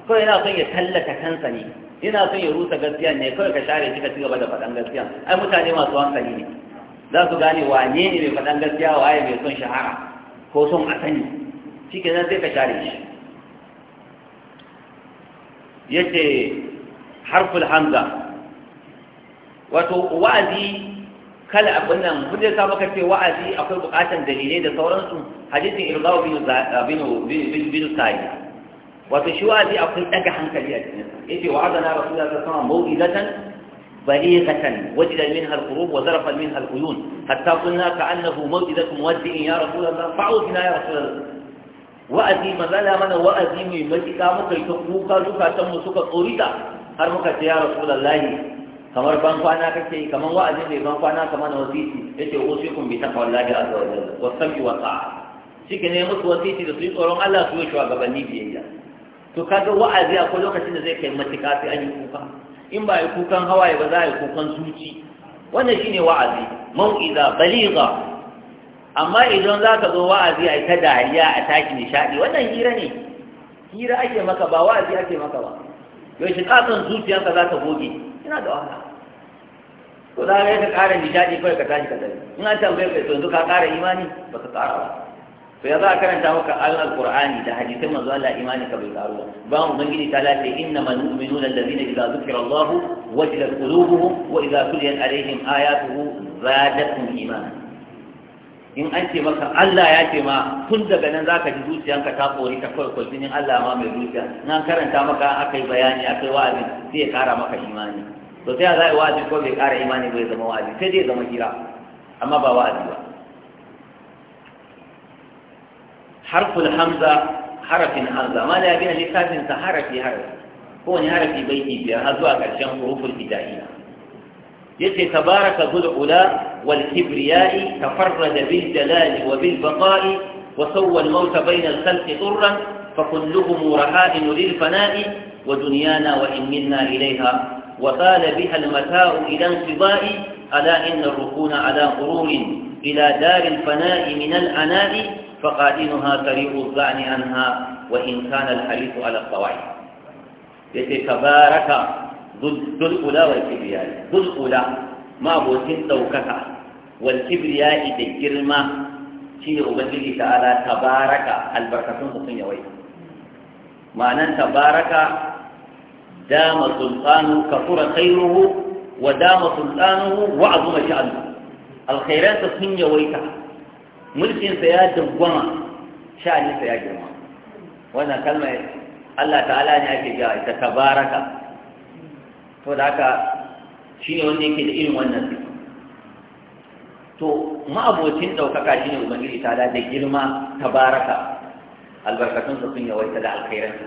kawai yana son ya tallata kansa ne yana son ya rusa gaskiya ne kawai ka share shi ka ci gaba da faɗan gaskiya ai mutane masu hankali ne za su gane wane ne mai faɗan gaskiya waye mai son shahara ko son a sani shi ke zai ka share shi yace harful hamza wato wa'azi kala abin nan mun dai sa maka wa'azi akwai bukatan dalilai da sauransu hadisin irgawo bin bin bin sa'i wato shi wa'azi akwai daga hankali a cikin sa yace wa'azana rasulullahi sallallahu alaihi wasallam mau'izatan بليغة وجد منها القروب وزرف منها العيون حتى قلنا كأنه أ ن موجد موزئ يا رسول الله فعوزنا يا رسول الله و مزالا ز ي م ظلامنا و أ ز ي م مجدك آه، مكي تقوك زكا تمسك قريدا هرمك يا رسول الله كما ربان فانا كتي كما و أ ز ي م ربان فانا كما نوزيتي اتي اوصيكم بتقوى الله عز وجل والسمع والطاعه سكن يموت وزيتي لطريق ورم الله سويش وغبني بيها تكاد و أ ز ي م اقول لك ان in ba yi kukan hawaye ba za a yi kukan zuci wannan shine wa'azi mau'iza baliga amma idan za ka zo wa'azi a yi ta dariya a taki nishaɗi wannan hira ne hira ake maka ba wa'azi ake maka ba yaushe kasan zuciyanka za ka goge ina da wahala ko za ka yi ka ƙara nishaɗi kawai ka tashi ka tafi in an tambaye ka yanzu ka ƙara imani ba ka ƙara ba to ya za a karanta maka al alqur'ani da hadisin manzo Allah imani ka bai karu ba mu bangiji ta lafi inna man mu'minuna allazina idza zukira Allah wajilat qulubuhum wa idza tuliyat alaihim ayatuhu zadatuhum imana in an ce maka Allah ya ce ma tun daga nan za ka ji zuciyanka ta kori ta kawai jinin Allah ma mai zuciya nan karanta maka aka yi bayani akai wa'azi zai ya kara maka imani to sai za a yi wa'azi ko bai kara imani bai zama wa'azi sai dai zama hira amma ba wa'azi ba حرف الحمزة حرف الحمزة ما لا بين لساس سهرة في حرف هو نهار في بيتي في هذا كشان حروف البداية يتي تبارك ذو العلا والكبرياء تفرد بالجلال وبالبقاء وسوى الموت بين الخلق طرا فكلهم رهائن للفناء ودنيانا وإن منا إليها وقال بها المتاع إلى انقضاء ألا إن الركون على غرور إلى دار الفناء من الأناء فقادينها سريع الظعن عنها وإن كان الحريص على الصواعي يتبارك ذو الأولى والكبرياء ذو الأولى ما بوتين دوكك والكبرياء تجرمة شيء أبنجي تعالى تبارك البركة سنة يويت معنى تبارك دام سلطانه كفر خيره ودام سلطانه وعظم شأنه الخيرات سنة يويتها mulkinsa ya dawwama sha'aninsa ya girma wannan kalmar Allah ta'ala ne ake ga ita tabaraka to da shi ne wanda yake da irin wannan sifa to ma'abocin ɗaukaka shine ubangiji ta da girma tabaraka albarkatunsa sun yawaita da alkhairansa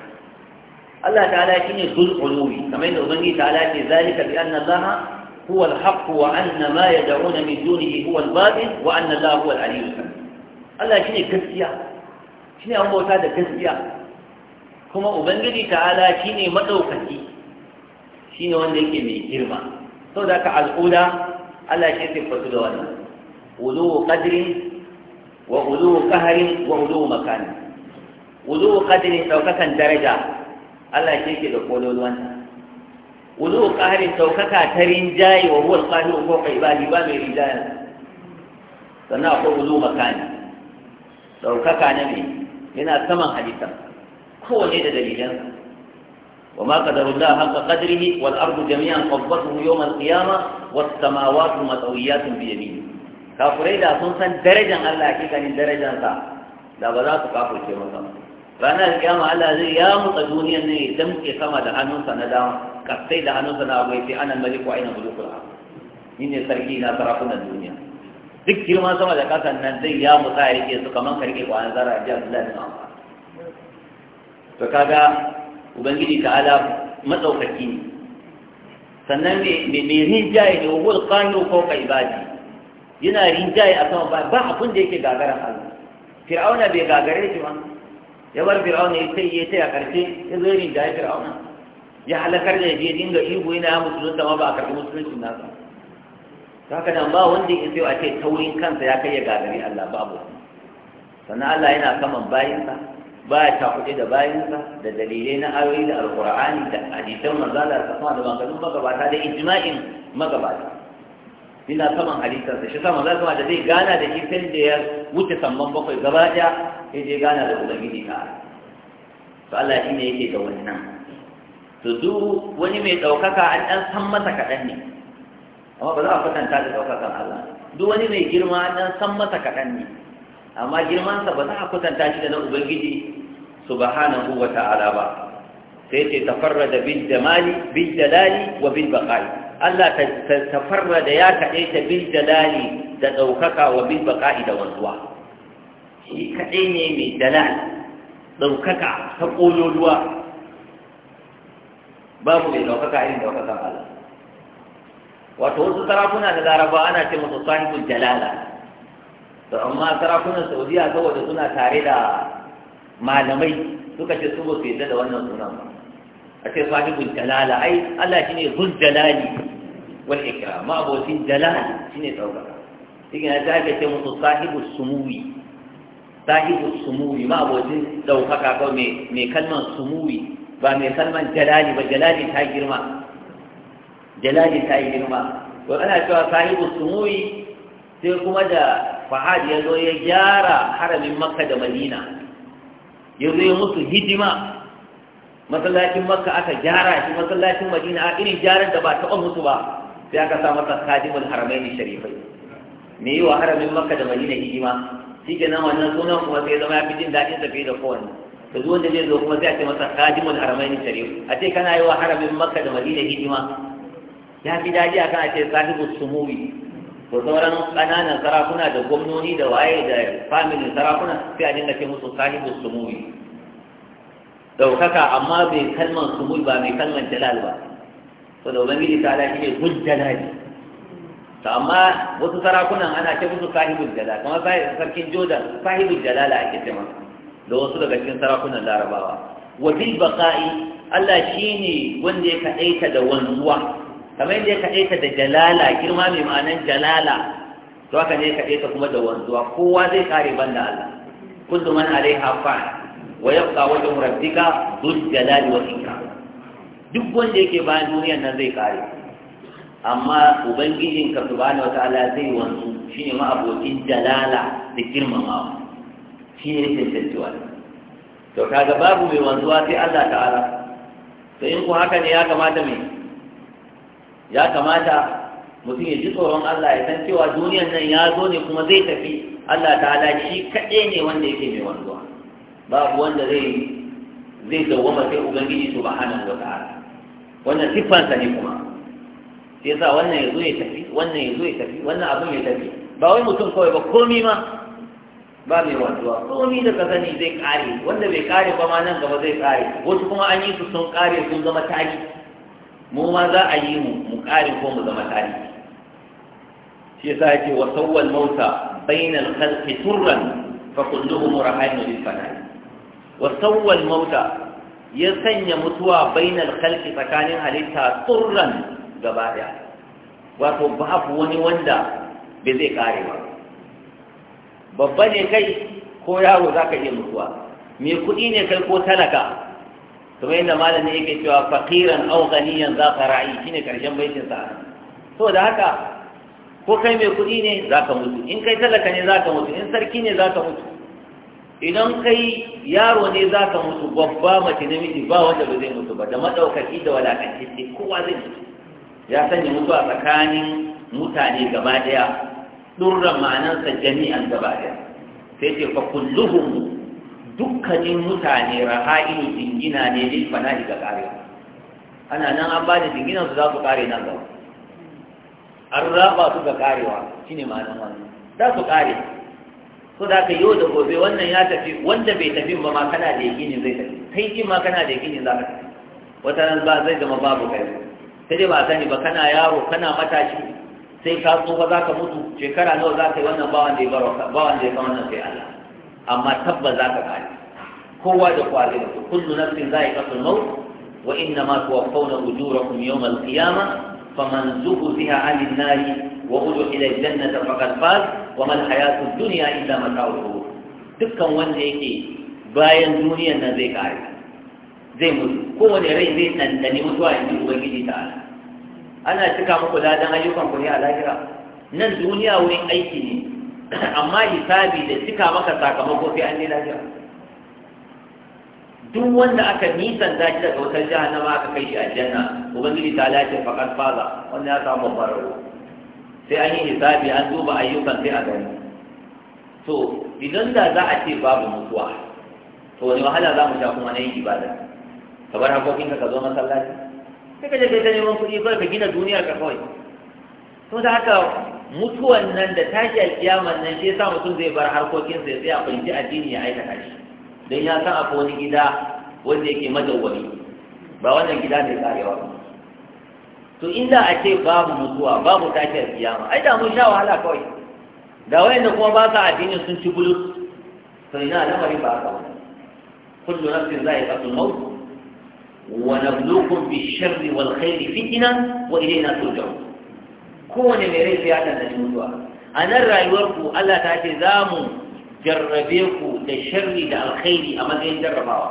Allah ta'ala shine zul ulumi, kamar yadda ubangiji ta'ala ce zalika bi anna Allah huwa al-haqq wa anna ma yad'una min dunihi huwa al-batil wa anna Allah huwa al Allah shi ne gaskiya shi ne an bauta da gaskiya kuma ubangiji ta'ala shi ne maɗaukaki shi ne wanda yake mai girma sau da ka al'uda Allah shi ne fasu da wannan wudu ƙadirin, wa wudu ƙaharin, wa wudu makani wudu ƙadirin daukakan daraja Allah shi ke da kololuwanta wudu ƙaharin daukaka ta rinjaye wa huwa al-qahiru fawqa ibadi ba mai rinjaye sannan akwai wudu makani ɗaukaka na mai yana saman halitta kowane da dalilan wa ma qadarullah haka qadrihi wal ardu jami'an qabdatuhu yawm al qiyamah was samawati matawiyatun bi yamini Kafurai da sun san darajar Allah hakikanin darajar darajansa da ba za su kafirce masa ranar kiyama Allah zai ya mutsa duniya ne ya damke sama da hannunsa na dama kasai da hannunsa na abu ya ce ana maliku aina bulukul ni ne sarki na sarakunan duniya duk girman sama da kasan nan zai ya musa ya rike su kamar karke kwanan zara a jihar Abdullahi bin Amfa to kaga ubangiji ta ta'ala matsaukaki ne sannan mai me rinjaye ne wa huwa qanu fawqa ibadi yana rinjaye a sama ba ba abin da yake gagaran Allah fir'auna bai gagare shi ba ya bar fir'auna ya sai ya sai a karshe ya zo rinjaye fir'auna ya halakar da ya je dinga ihu yana musulunta ma ba a karɓi musulunci nasa haka nan ba wanda ya zai a ce taurin kansa ya kai ya gagari Allah babu sannan Allah yana saman bayinsa ba ya takuɗe da bayinsa da dalilai na ayoyi da alƙur'ani da hadisan manzala da sama da maganin magabata da ijma'in magabata ina saman hadisansa shi sama za da zai gana da shi sai da ya wuce samman bakwai gaba ɗaya sai da gana da ubangiji ta to Allah shi ne yake da wannan to duk wani mai ɗaukaka an ɗan san masa kaɗan ne amma ba za a kwatanta da ɗaukakan Allah duk wani mai girma dan san masa kaɗan ne amma girmansa ba za a kwatanta shi da na ubangiji subhanahu wa ta'ala ba sai ce da bin jamali bin jalali wa bin baqai Allah tafarra da ya kaɗe ta bin dalali da ɗaukaka wa bin baƙa'i da wanzuwa shi kaɗe ne mai dalal ɗaukaka ta ƙololuwa babu mai ɗaukaka irin ɗaukakan Allah wato wasu sarakuna na laraba ana ce musu sahibul jalala to amma sarakunan saudiya saboda suna tare da malamai suka ce su su yadda da wannan sunan ba a ce sahibul jalala ai Allah shine zul jalali wal ikram ma abocin jalali shine daukaka cikin ya ake ce musu sahibul sumuwi sahibul sumuwi ma abocin daukaka ko mai kalman sumuwi ba mai kalman jalali ba jalali ta girma jalali ta yi girma wa ana cewa sahibu sumuri sai kuma da fahad ya zo ya gyara haramin makka da madina ya zo ya musu hidima masallacin makka aka gyara shi masallacin madina a irin gyaran da ba taɓa musu ba sai aka sa masa kadimul haramain sharifai me yi wa haramin makka da madina hidima shi ke nan wannan sunan kuma sai zama ya fi jin daɗin tafiye da kowanne da zuwan da zai zo kuma sai a ce masa kadimul haramain sharif a ce kana yi wa haramin makka da madina hidima ya fi daji akan ake sahibu sumuwi to sauran ƙananan sarakuna da gwamnoni da waye da familin sarakuna sai a dinga ce musu sahibu sumuwi daukaka amma bai kalman sumuwi ba mai kalman jalal ba to da ubangiji ta ala shi ne gujjalali to amma wasu sarakunan ana ce musu sahibu jalal kamar sarkin jodan sahibu jalala ake ce masa da wasu daga cikin sarakunan larabawa wa bil baqa'i Allah shine wanda ya kadaita da wanzuwa kamar yadda ya kaɗe ta da jalala girma mai ma'anan jalala to haka ne ya kaɗe ta kuma da wanzuwa kowa zai kare ban da Allah kullu man alaiha fa wa yabqa wajhu rabbika dhul jalali wal ikram duk wanda yake bayan duniyar nan zai kare amma ubangijin ka subhanahu ta'ala zai wanzu shine ma abokin jalala da girmamawa shi ne tantancewa to kaga babu mai wanzuwa sai Allah ta'ala to in ku haka ne ya kamata mai ya kamata mutum ya ji tsoron Allah ya san cewa duniyan nan ya zo ne kuma zai tafi Allah ta hada shi kaɗai ne wanda yake mai wanzuwa babu wanda zai zai dawwama sai ubangiji su subhanahu wa ta'ala wannan siffansa ne kuma sai yasa wannan ya zo ya tafi wannan ya zo ya tafi wannan abin ya tafi ba wai mutum kawai ba komi ma ba mai wanzuwa komi da kasani sani zai kare wanda bai kare ba ma nan gaba zai kare wasu kuma an yi su sun kare sun zama tarihi mu ma za a yi mu mu ƙare ko mu zama tarihi shi yasa yake wa sawwal mauta bainal khalqi turran fa kulluhum rahayn lil fana wa sawwal mauta ya sanya mutuwa bainal khalqi tsakanin halitta turran gaba daya wato babu wani wanda bai zai kare ba babba ne kai ko yaro zaka iya mutuwa me kudi ne kai ko talaka to inda malami yake cewa faqiran aw ghaniyan za ka ra'i shine karshen baitin sa to da haka ko kai mai kuɗi ne za ka mutu in kai talaka ne za ka mutu in sarki ne za ka mutu idan kai yaro ne za ka mutu babba mace namiji ba wanda ba zai mutu ba da maɗaukaki da sai kowa zai mutu ya sanya mutu a tsakanin mutane gaba ɗaya ɗurran ma'anansa jami'an gaba ɗaya sai ce fa kulluhum dukkanin mutane raha'ilu jingina ne dai fana ga kare ana nan an ba da jinginan su za su kare nan gaba an raba su ga karewa shine ma'anar wannan za su kare ko da ka yau da gobe wannan ya tafi wanda bai tafi ba ma kana da yakinin zai tafi kai kin ma kana da yakinin za ka tafi wata nan ba zai zama babu kai sai dai ba sani ba kana yaro kana matashi sai ka tsufa za ka mutu shekara nawa za ka yi wannan bawan da ya bawan da ya ka wannan sai Allah amma tabba za ka kare kowa da kwari da kullu nafsin yi kasul maut wa inna ma Fa tuwaffawna wa yawmal qiyamah فمن زهزها عن النار وأدخل الجنة wa فاز وما duniya الدنيا إلا متاع wuce dukkan wanda yake bayan duniyan nan zai kare zai mutu kowane rai zai ɗanɗani mutuwa yanzu ubangiji ta ana cika muku ladan ayyukan ku ne a lahira nan duniya wurin aiki ne amma hisabi da cika maka sakamako sai an ne lafiya duk wanda aka nisan daji daga wutar jahannama aka kai shi aljanna ubangiji ta lafiya faƙar faza wanda ya samu babbar sai an yi hisabi an duba ayyukan sai a gani to idan da za a ce babu mutuwa to wani wahala za mu sha kuma na yin ibada ka bar hakokinka ka zo masallaci sai ka je ka neman kuɗi kawai ka gina duniyar ka kawai to da haka mutuwan nan da tashi a nan shi yasa mutum zai bar harkokin sa sai a fahimci addini ya aikata shi don ya san akwai wani gida wanda yake madawwami ba wannan gida mai karewa ba to inda a ce babu mutuwa babu tashi a ai da mun sha wahala kawai da wayanda kuma ba sa addini sun ci bulus to ina lamarin ba ka wani kullu nafsin za'iqatul maut ونبلوكم بالشر والخير فتنة وإلينا ترجعون kowane mai rai sai ya ɗanɗani mutuwa a nan rayuwarku Allah ta ce za mu jarrabe ku da sharri da alkhairi a matsayin jarrabawa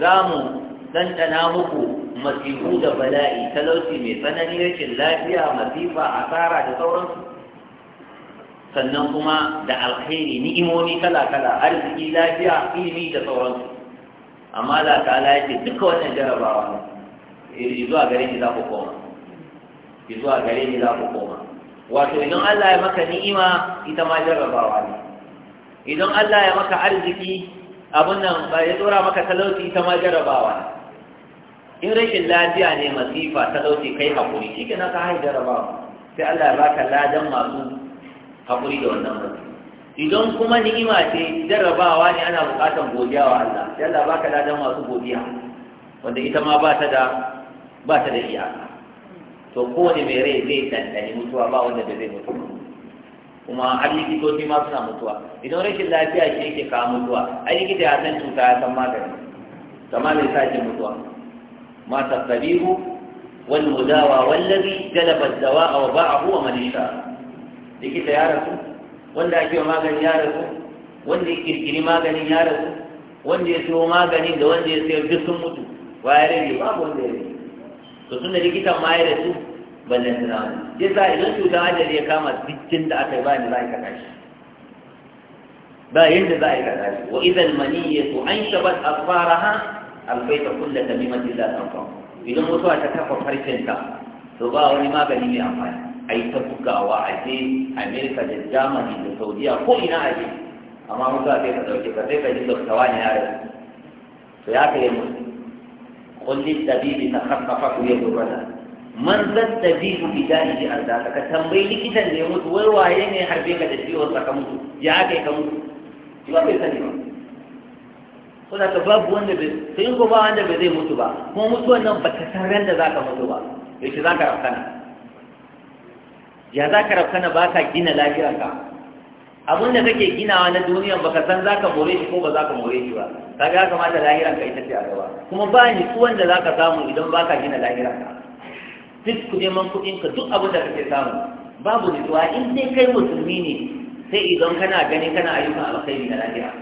za mu ɗanɗana muku masifu da bala'i talauci mai tsanani rashin lafiya masifa asara da sauransu sannan kuma da alkhairi ni'imomi kala-kala arziki lafiya ilimi da sauransu amma Allah ta ala ce duka wannan jarrabawa ne zuwa garin ni za ku koma zuwa gare ni za ku koma wato idan Allah ya maka ni'ima ita ma jarrabawa ne idan Allah ya maka arziki abun nan ba ya tsora maka talauci ita ma jarrabawa in rashin lafiya ne masifa talauci kai hakuri shi ke na ka haifi jarrabawa sai Allah ya baka ladan masu hakuri da wannan mutum idan kuma ni'ima ce jarrabawa ne ana buƙatar godiya wa Allah sai Allah ya baka ladan masu godiya wanda ita ma ba ta da ba ta da iyaka to kowane mai rai zai dandani mutuwa ba wanda da zai mutu kuma har likitoci ma suna mutuwa idan rashin lafiya shi yake kawo mutuwa ai likita ya san cuta ya san magani kama mai sa shi mutuwa ma tasabihu wal mudawa wallazi jalaba dawa'a wa ba'ahu wa man yasha likita ya rasu wanda ake magani ya rasu wanda ya kirkiri maganin ya rasu wanda ya siyo maganin da wanda ya sayar duk sun mutu wa ya rage babu wanda ya rage to tunda likitan ma ya rasu ballan tana wani ya sa idan cutar ajali ya kama dukkan da aka yi bayan da za a yi kaka shi ba yadda za a yi kaka shi wa idan mani ya so an shabat asfaraha alfaita kulla tamimatin da tanfa idan mutuwa ta kafa ta to ba wani magani mai amfani a yi ta bugawa a je amerika da germany da saudiya ko ina a je amma mutuwa sai ka ɗauke ka sai ka ji doktawa ne ya rasu to ya kai mutu qul lid-tabibi takhaffafa ya gurrata man zaddabibu bi da'ihi arda ka tambayi likitan da ya mutu wai waye ne harbe ka da ciwon ka mutu ya kai ka mutu shi ba kai sani ba ko da babu wanda bai sai ko ba wanda bai zai mutu ba kuma mutu wannan ba ta san randa da zaka mutu ba yaushe zaka rafkana ya zaka rafkana ba ka gina ka? Abun da kake ginawa na duniyan baka san zaka ka more shi ko ba za ka more shi ba kaga ya kamata lahiran ka ita ce a gaba kuma ba ni da zaka ka samu idan baka gina lahiran ka duk ku neman kuɗin ka duk abun da kake samu babu nutsuwa in dai kai musulmi ne sai idan kana gani kana ayyukan alkhairi na lahira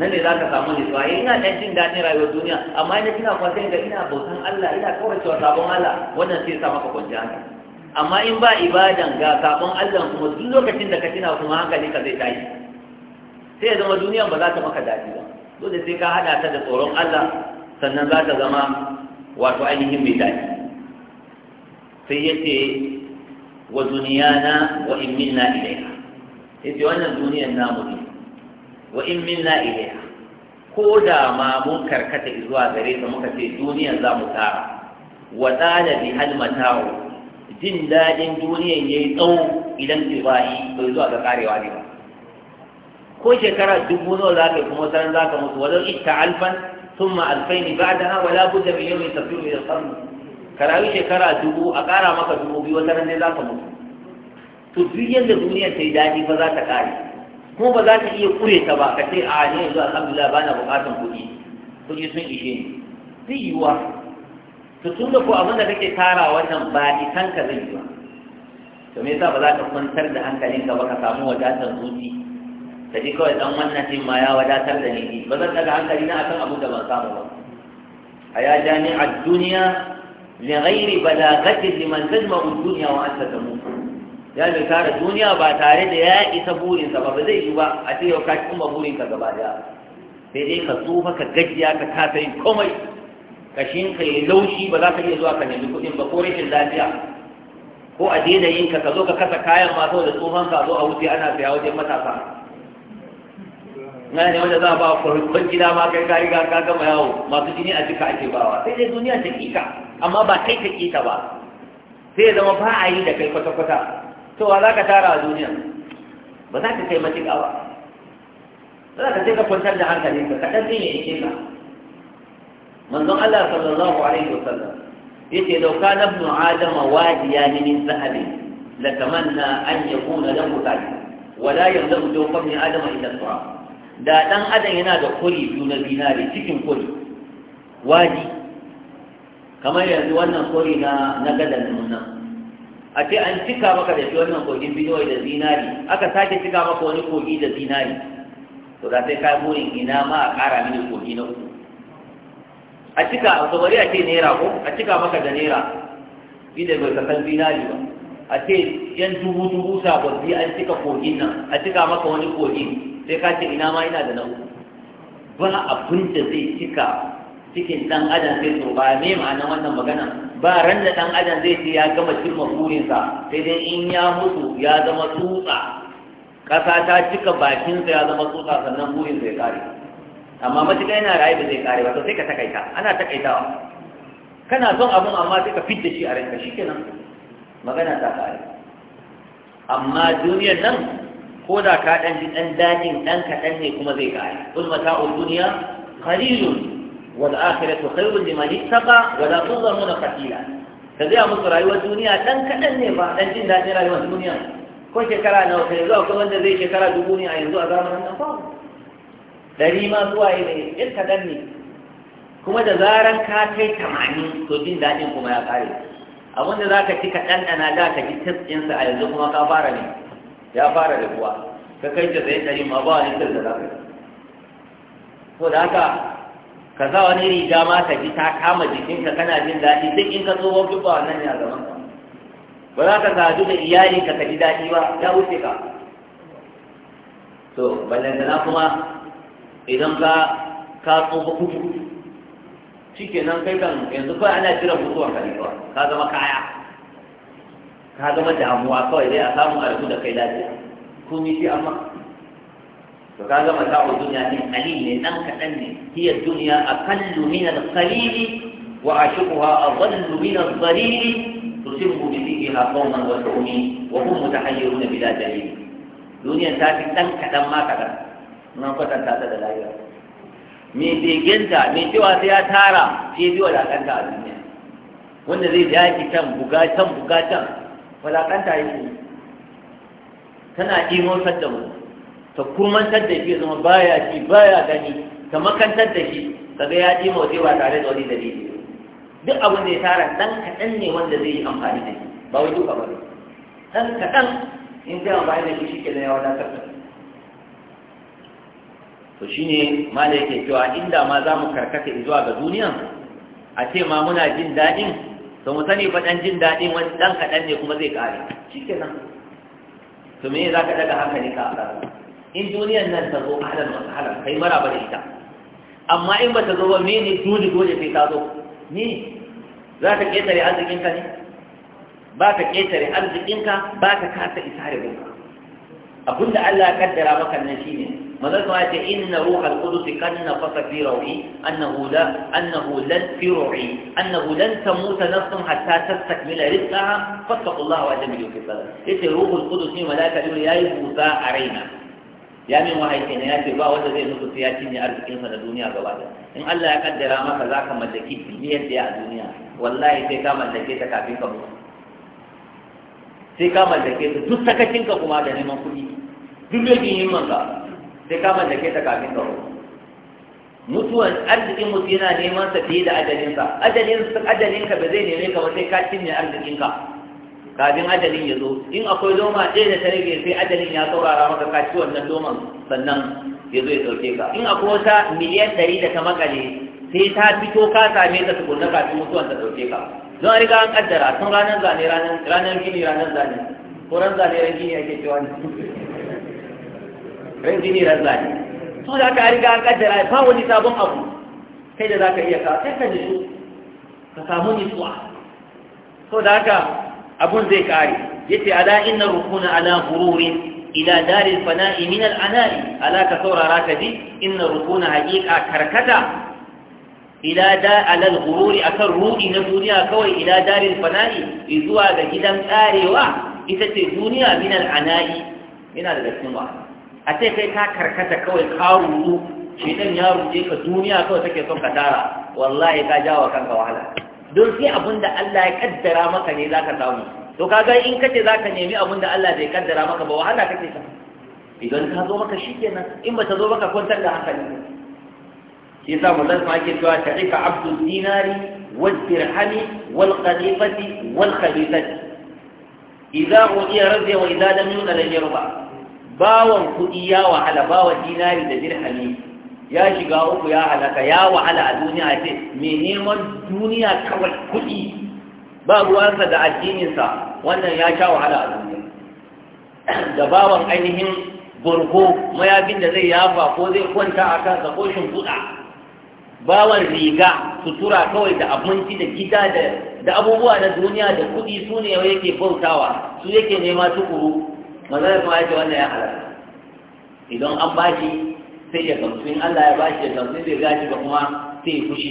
nan ne za ka samu nutsuwa eh ina ɗan jin daɗin rayuwar duniya amma ina kina ga ina bautan Allah ina kauracewa sabon Allah wannan sai ya sa maka kwanciyar amma in ba ibadan ga sabon Allah kuma duk lokacin da ka tuna kuma hankali ka zai tashi sai ya zama duniyan ba za ta maka daɗi ba dole sai ka haɗa ta da tsoron Allah sannan za ta zama wato ainihin mai daɗi sai ya ce wa na wa in minna ilaiha ya ce wannan duniyan namu ne wa in minna ilaiha ko da ma mun karkata zuwa gare ta muka ce duniyan za mu tara wa tsada bi halmatawa jin daɗin duniyan ya yi tsawo idan bai ba yi bai zuwa ga karewa ne ba ko shekara dubu nawa za ka yi kuma sanar za ka mutu wajen ita alfan sun ma alfai ne ba da hawa la budda mai yau mai ya samu ka rayu shekara dubu a ƙara maka dubu biyu wata ran za ka mutu to duk yadda duniyan ta yi daɗi ba za ta ƙare kuma ba za ta iya ƙure ta ba ka ce a ne yanzu alhamdulillah ba na buƙatan kuɗi kuɗi sun ishe ni zai yiwuwa to tun da ko abinda kake tara wannan ba ni ka zai yi ba to me yasa ba za ka kwantar da hankalinka ba ka samu wadatar zuci ka ji kawai dan wannan din ma ya wadatar da ni ba zan daga hankali na akan abin da ban samu ba a ya jami'a duniya li ghairi balagati liman tajma'u dunya wa anta tamut ya da tara duniya ba tare da ya isa burinsa ba ba zai yi ba a ce yau ka kuma burinka gaba daya sai dai ka tsufa ka gajiya ka kasa komai kashin ka yi laushi ba za ka iya zuwa ka nemi kuɗin ba ko rashin lafiya ko a daina yin ka ka zo ka kasa kayan ma saboda tsohon ka zo a wuce ana saya wajen matasa na ne wanda za a ba kwarfan gida ma kai kayi ga ka gama yawo masu jini a jika ake bawa sai dai duniya ta kika amma ba kai ta kika ba sai ya zama ba a yi da kai kwata-kwata to wa za ka tara a duniya ba za ka kai matuƙa ba za ka sai ka kwantar da hankalinka ka ɗan zai ya ka manzon Allah sallallahu alaihi wa wasallam yace law kana ibn adam wadiyan min zahabin latamanna an yakuna lahu tali wala yamdu jawfa min Adama illa turab da dan adam yana da kuri biyu na zinare cikin kuri wadi kamar yanzu wannan kuri na na gadan mun nan a ce an cika maka da shi wannan kogin biyu da zinari aka sake cika maka wani kogi da zinari to da sai ka burin ina ma a ƙara mini kogi na uku a cika a samari a ce naira ko a cika maka da naira bi da bai kasan zinari ba a ce yan dubu dubu sababbi an cika kogin nan a cika maka wani kogin sai ka ce ina ma ina da nau ba abin da zai cika cikin dan adam sai to ba ne ma'anar wannan magana ba ran da dan adam zai ce ya gama cimma burinsa sai dai in ya mutu ya zama tutsa ƙasa ta cika bakinsa ya zama tsutsa sannan burinsa ya kare amma matuƙa yana raye ba zai kare ba to sai ka takaita ana takaitawa kana son abun amma sai ka fidda shi a ranka shikenan magana ta kare amma duniyar nan ko da ka ɗan ji ɗan dajin ɗan kaɗan ne kuma zai kare kul mata'u duniya qalilun wal akhiratu khairun liman ittaqa wa la tuzlamuna qatila ka zai musu rayuwar duniya ɗan kaɗan ne ba ɗan jin daɗin rayuwar duniya ko shekara nawa kai zuwa kuma wanda zai shekara dubu ne a yanzu a zamanin nan ba ɗari ma zuwa yi ne ka kaɗan ne kuma da zaran ka kai tamanin to jin daɗin kuma ya ƙare abin da za ka ci ka ɗanɗana da ka ji tafsinsa a yanzu kuma ka fara ne ya fara da kuwa ka kai ta zai ɗari ma ba wani da za ka to da haka ka sa wani riga ma ka ji ta kama jikinka kana jin daɗi duk in ka tsohon duk ba wannan ne a gaban ka ba za ka sadu da iyali ka ji daɗi ba ya wuce ka to ballantana kuma idan ka ka tsofa kuku nan kai kan yanzu kawai ana jiran mutuwar khalifa ka zama kaya ka zama damuwa kawai dai a samu a rabu da kai lafiya yi shi amma to ka zama ta'u duniya din qalil ne dan kaɗan ne hiya dunya aqallu min al-qalil wa ashuquha adallu min al-dhalil tusibu bi fiha qawman wa tuhmi wa hum mutahayyiruna bila dalil duniya ta fi ɗan kaɗan ma kaɗan. na kwatanta ta da lahira mai beginta mai cewa sai ya tara sai biyo da kanta a duniya wanda zai yaki can buga can buga can walakanta yake tana imo da mu ta kurmantar da shi zama baya shi baya gani ta makantar da shi kaga ya imo sai ba tare da wani dalili duk abin da ya tara dan kaɗan ne wanda zai yi amfani da shi ba wai duka ba ne dan kaɗan in zai amfani da shi shi ke ya wadatar da to shine mala yake cewa inda ma za mu karkata zuwa ga duniya a ce ma muna jin daɗin to mu sani fa ɗan jin daɗin wani ɗan kaɗan ne kuma zai ƙare nan. to me za ka daga hankali ka a in duniyan nan ta zo halar masu halar kai maraba da ita amma in ba ta zo ba me ne dole dole sai ta zo ni za ka ƙetare arzikinka ne ba ka ƙetare arzikinka ba ka kasa isa da gunka abinda Allah ya kaddara maka nan shine مدرسة آية إن روح القدس قد نفس في روحي أنه, لا أنه لن في روحي أنه لن تموت نفسهم حتى تستكمل رزقها فاتقوا الله وعلى مليون في البلد إذن روح القدس هي ملاكة يقول يا يبوزا عرينا يا من واحد إن ياتي الله وتزيد نفس سياتيني أرض كنفة الدنيا بوادة إن الله يقدر ما فذاك ملكي في مئة ديا الدنيا والله تيكا ملكي تكافي كبير تيكا ملكي تكافي كبير تكافي كبير تكافي كبير تكافي كبير تكافي كبير sai ka ke ta kafin ka mutu mutuwan arzikin mutu yana neman sa fiye da ajalinsa ajalin ka ba zai neme ka ba sai ka cinye arzikin ka kafin ajalin ya zo in akwai loma ɗaya da ta rage sai ajalin ya saurara maka ka ci wannan loman sannan ya zo ya sauke ka in akwai wata miliyan ɗari da ta makale sai ta fito ka same ta tukunna kafin mutuwan ta sauke ka don riga an kaddara sun ranar zane ranar gini ranar zane ko ran zane ran gini ake cewa ne rinzi ne razza ne su da aka riga kaddara ba wani sabon abu kai da za ka iya kawo sai ka nisu ka samu nisuwa so da haka abun zai kare yace ala inna rukuna ala gururin ila daril fana'i min al'anai ala ka saurara ka ji inna rukuna haqiqa karkata ila da alal gururi akan ruɗi na duniya kawai ila daril fana'i zuwa ga gidan karewa ita ce duniya min al'anai yana da cikin wahala a ce kai ka karkata kawai karu su shi ɗan ya ruje ka duniya kawai take son ka tara wallahi ka jawa kanka wahala don sai abin da Allah ya kaddara maka ne za ka samu to kaga in kace za ka nemi abin da Allah bai kaddara maka ba wahala kake sha idan ka zo maka shi kenan in ba ta zo maka kwantar da hankali shi yasa mu zama ake cewa ta'ika abdul dinari wal dirhami wal qadifati wal khabithati idza udiya radiya wa idza lam yunal yarba bawan kuɗi ya wahala bawan dinari da dirhami ya shiga uku ya halaka ya wahala a duniya ce mai neman duniya kawai kuɗi ba ruwansa da addininsa wannan ya sha wahala a duniya da bawan ainihin burgo mayafin da zai yafa ko zai kwanta a kansa ko kuɗa. bawan riga sutura kawai da abinci da gida da abubuwa na duniya da kuɗi su ne yake bautawa su yake nema tukuru magana kuma yake ce wannan ya halatta idan an bashi sai ya gamsu in Allah ya bashi ya gamsu bai gashi ba kuma sai ya fushi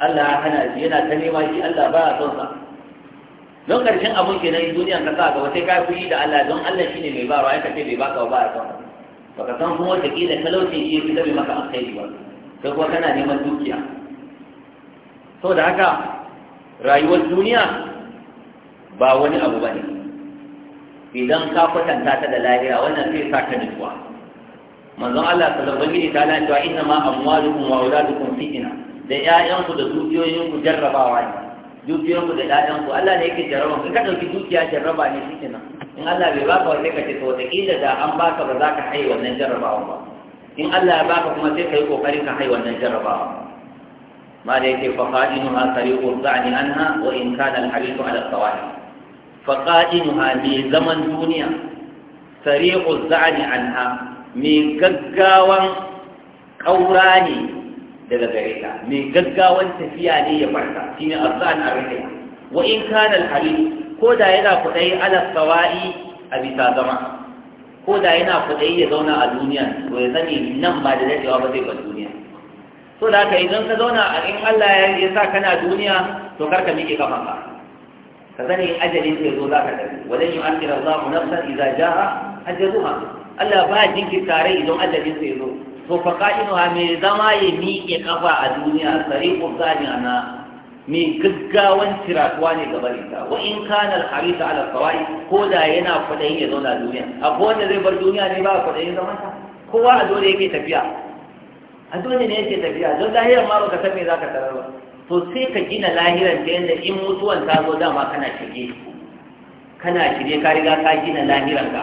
Allah ya hana shi yana ta nema shi Allah ba ya son sa don karshen abun kenan duniya ka sa gaba sai ka fushi da Allah don Allah shine mai ba ruwa ya kace bai baka ba ya son ba ka san kuma wata kila talauci shi ya fi bai maka alkhairi ba kai kuma kana neman dukiya saboda haka rayuwar duniya ba wani abu ba ne. idan ka kwatanta ta da lahira wannan zai sa ka nutsuwa manzon Allah sallallahu alaihi wa sallam cewa inna ma amwalukum wa auladukum fitna da ƴaƴanku da dukiyoyinku jarrabawa ne dukiyoyinku da ƴaƴanku Allah ne yake jarraba in ka dauki dukiya jarraba ne fitna in Allah bai baka wani ka ce to wata kila da an baka ba za ka haye wannan jarrabawa ba in Allah ya baka kuma sai ka yi kokarin ka haye wannan jarrabawa ma da yake fa qa'inuha tariqu za'ni anha wa in kana al-halittu ala faƙa'inuha mai zaman duniya sari'u za'ani anha mai gaggawan ƙaura ne daga gare ta mai gaggawan tafiya ne ya barka shine arzan arriya wa in kana alhalil ko da yana kudai ala sawai a bisa zama ko da yana kuɗai ya zauna a duniya to ya sani nan ba da dadewa ba zai bar duniya so da haka idan ka zauna a in Allah ya sa kana duniya to karka miƙe kafanka ka sani ajalin da zo za ka tafi wajen yi an kira za mu nafsa iza jaha ajaluha Allah ba jinki tare idan ajalin da zo to fa qa'inuha me zama ya miƙe kafa a duniya ko zani na me gaggawan tiratuwa ne gaba ita wa in kana al-harisa ala kawai ko da yana kudayin ya zauna duniya A wanda zai bar duniya ne ba kudayin zama ta kowa a dole yake tafiya a dole ne yake tafiya don lahiyar ma baka san me ka tarar ba to sai ka gina lahiran ta yadda in mutuwan ta zo dama kana shirye kana shirye ka riga ka gina lahiran ka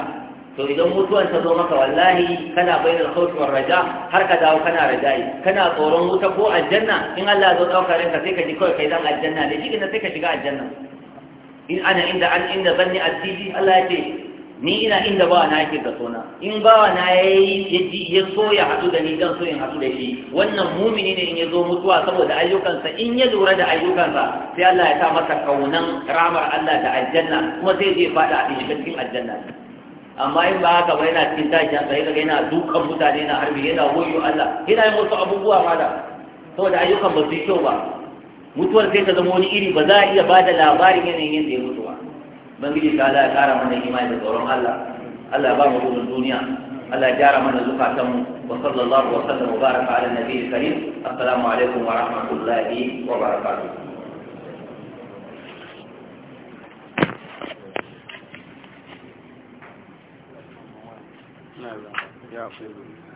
to idan mutuwan ta zo maka wallahi kana bayyana sautin raja har ka dawo kana rajayi kana tsoron wuta ko aljanna in Allah zo dauka ranka sai ka ji kawai kai zan aljanna ne shi ne sai ka shiga aljanna in ana inda an inda zanni asiri Allah ya ce ni ina inda ba na yake da sona in ba na yayi yaji ya so ya hadu da ni dan so in hadu da shi wannan mumini ne in ya zo mutuwa saboda ayyukansa in ya lura da ayyukansa sai Allah ya sa masa kaunan ramar Allah da aljanna kuma sai zai fada a cikin aljanna amma in ba haka ba yana cikin tashin sai kaga yana dukan mutane na harbi yana hoyo Allah yana yin wasu abubuwa ma da saboda ayyukan ba su yi kyau ba mutuwar sai ta zama wani iri ba za a iya ba da labarin yanayin yadda ya mutu ba bangiji ta Allah ya kara mana imani da tsoron Allah Allah ya ba mu gudun duniya Allah ya gyara mana zukatanmu wa sallallahu wa sallam wa baraka ala nabiyyi karim assalamu alaikum wa rahmatullahi wa barakatuh Yeah, absolutely.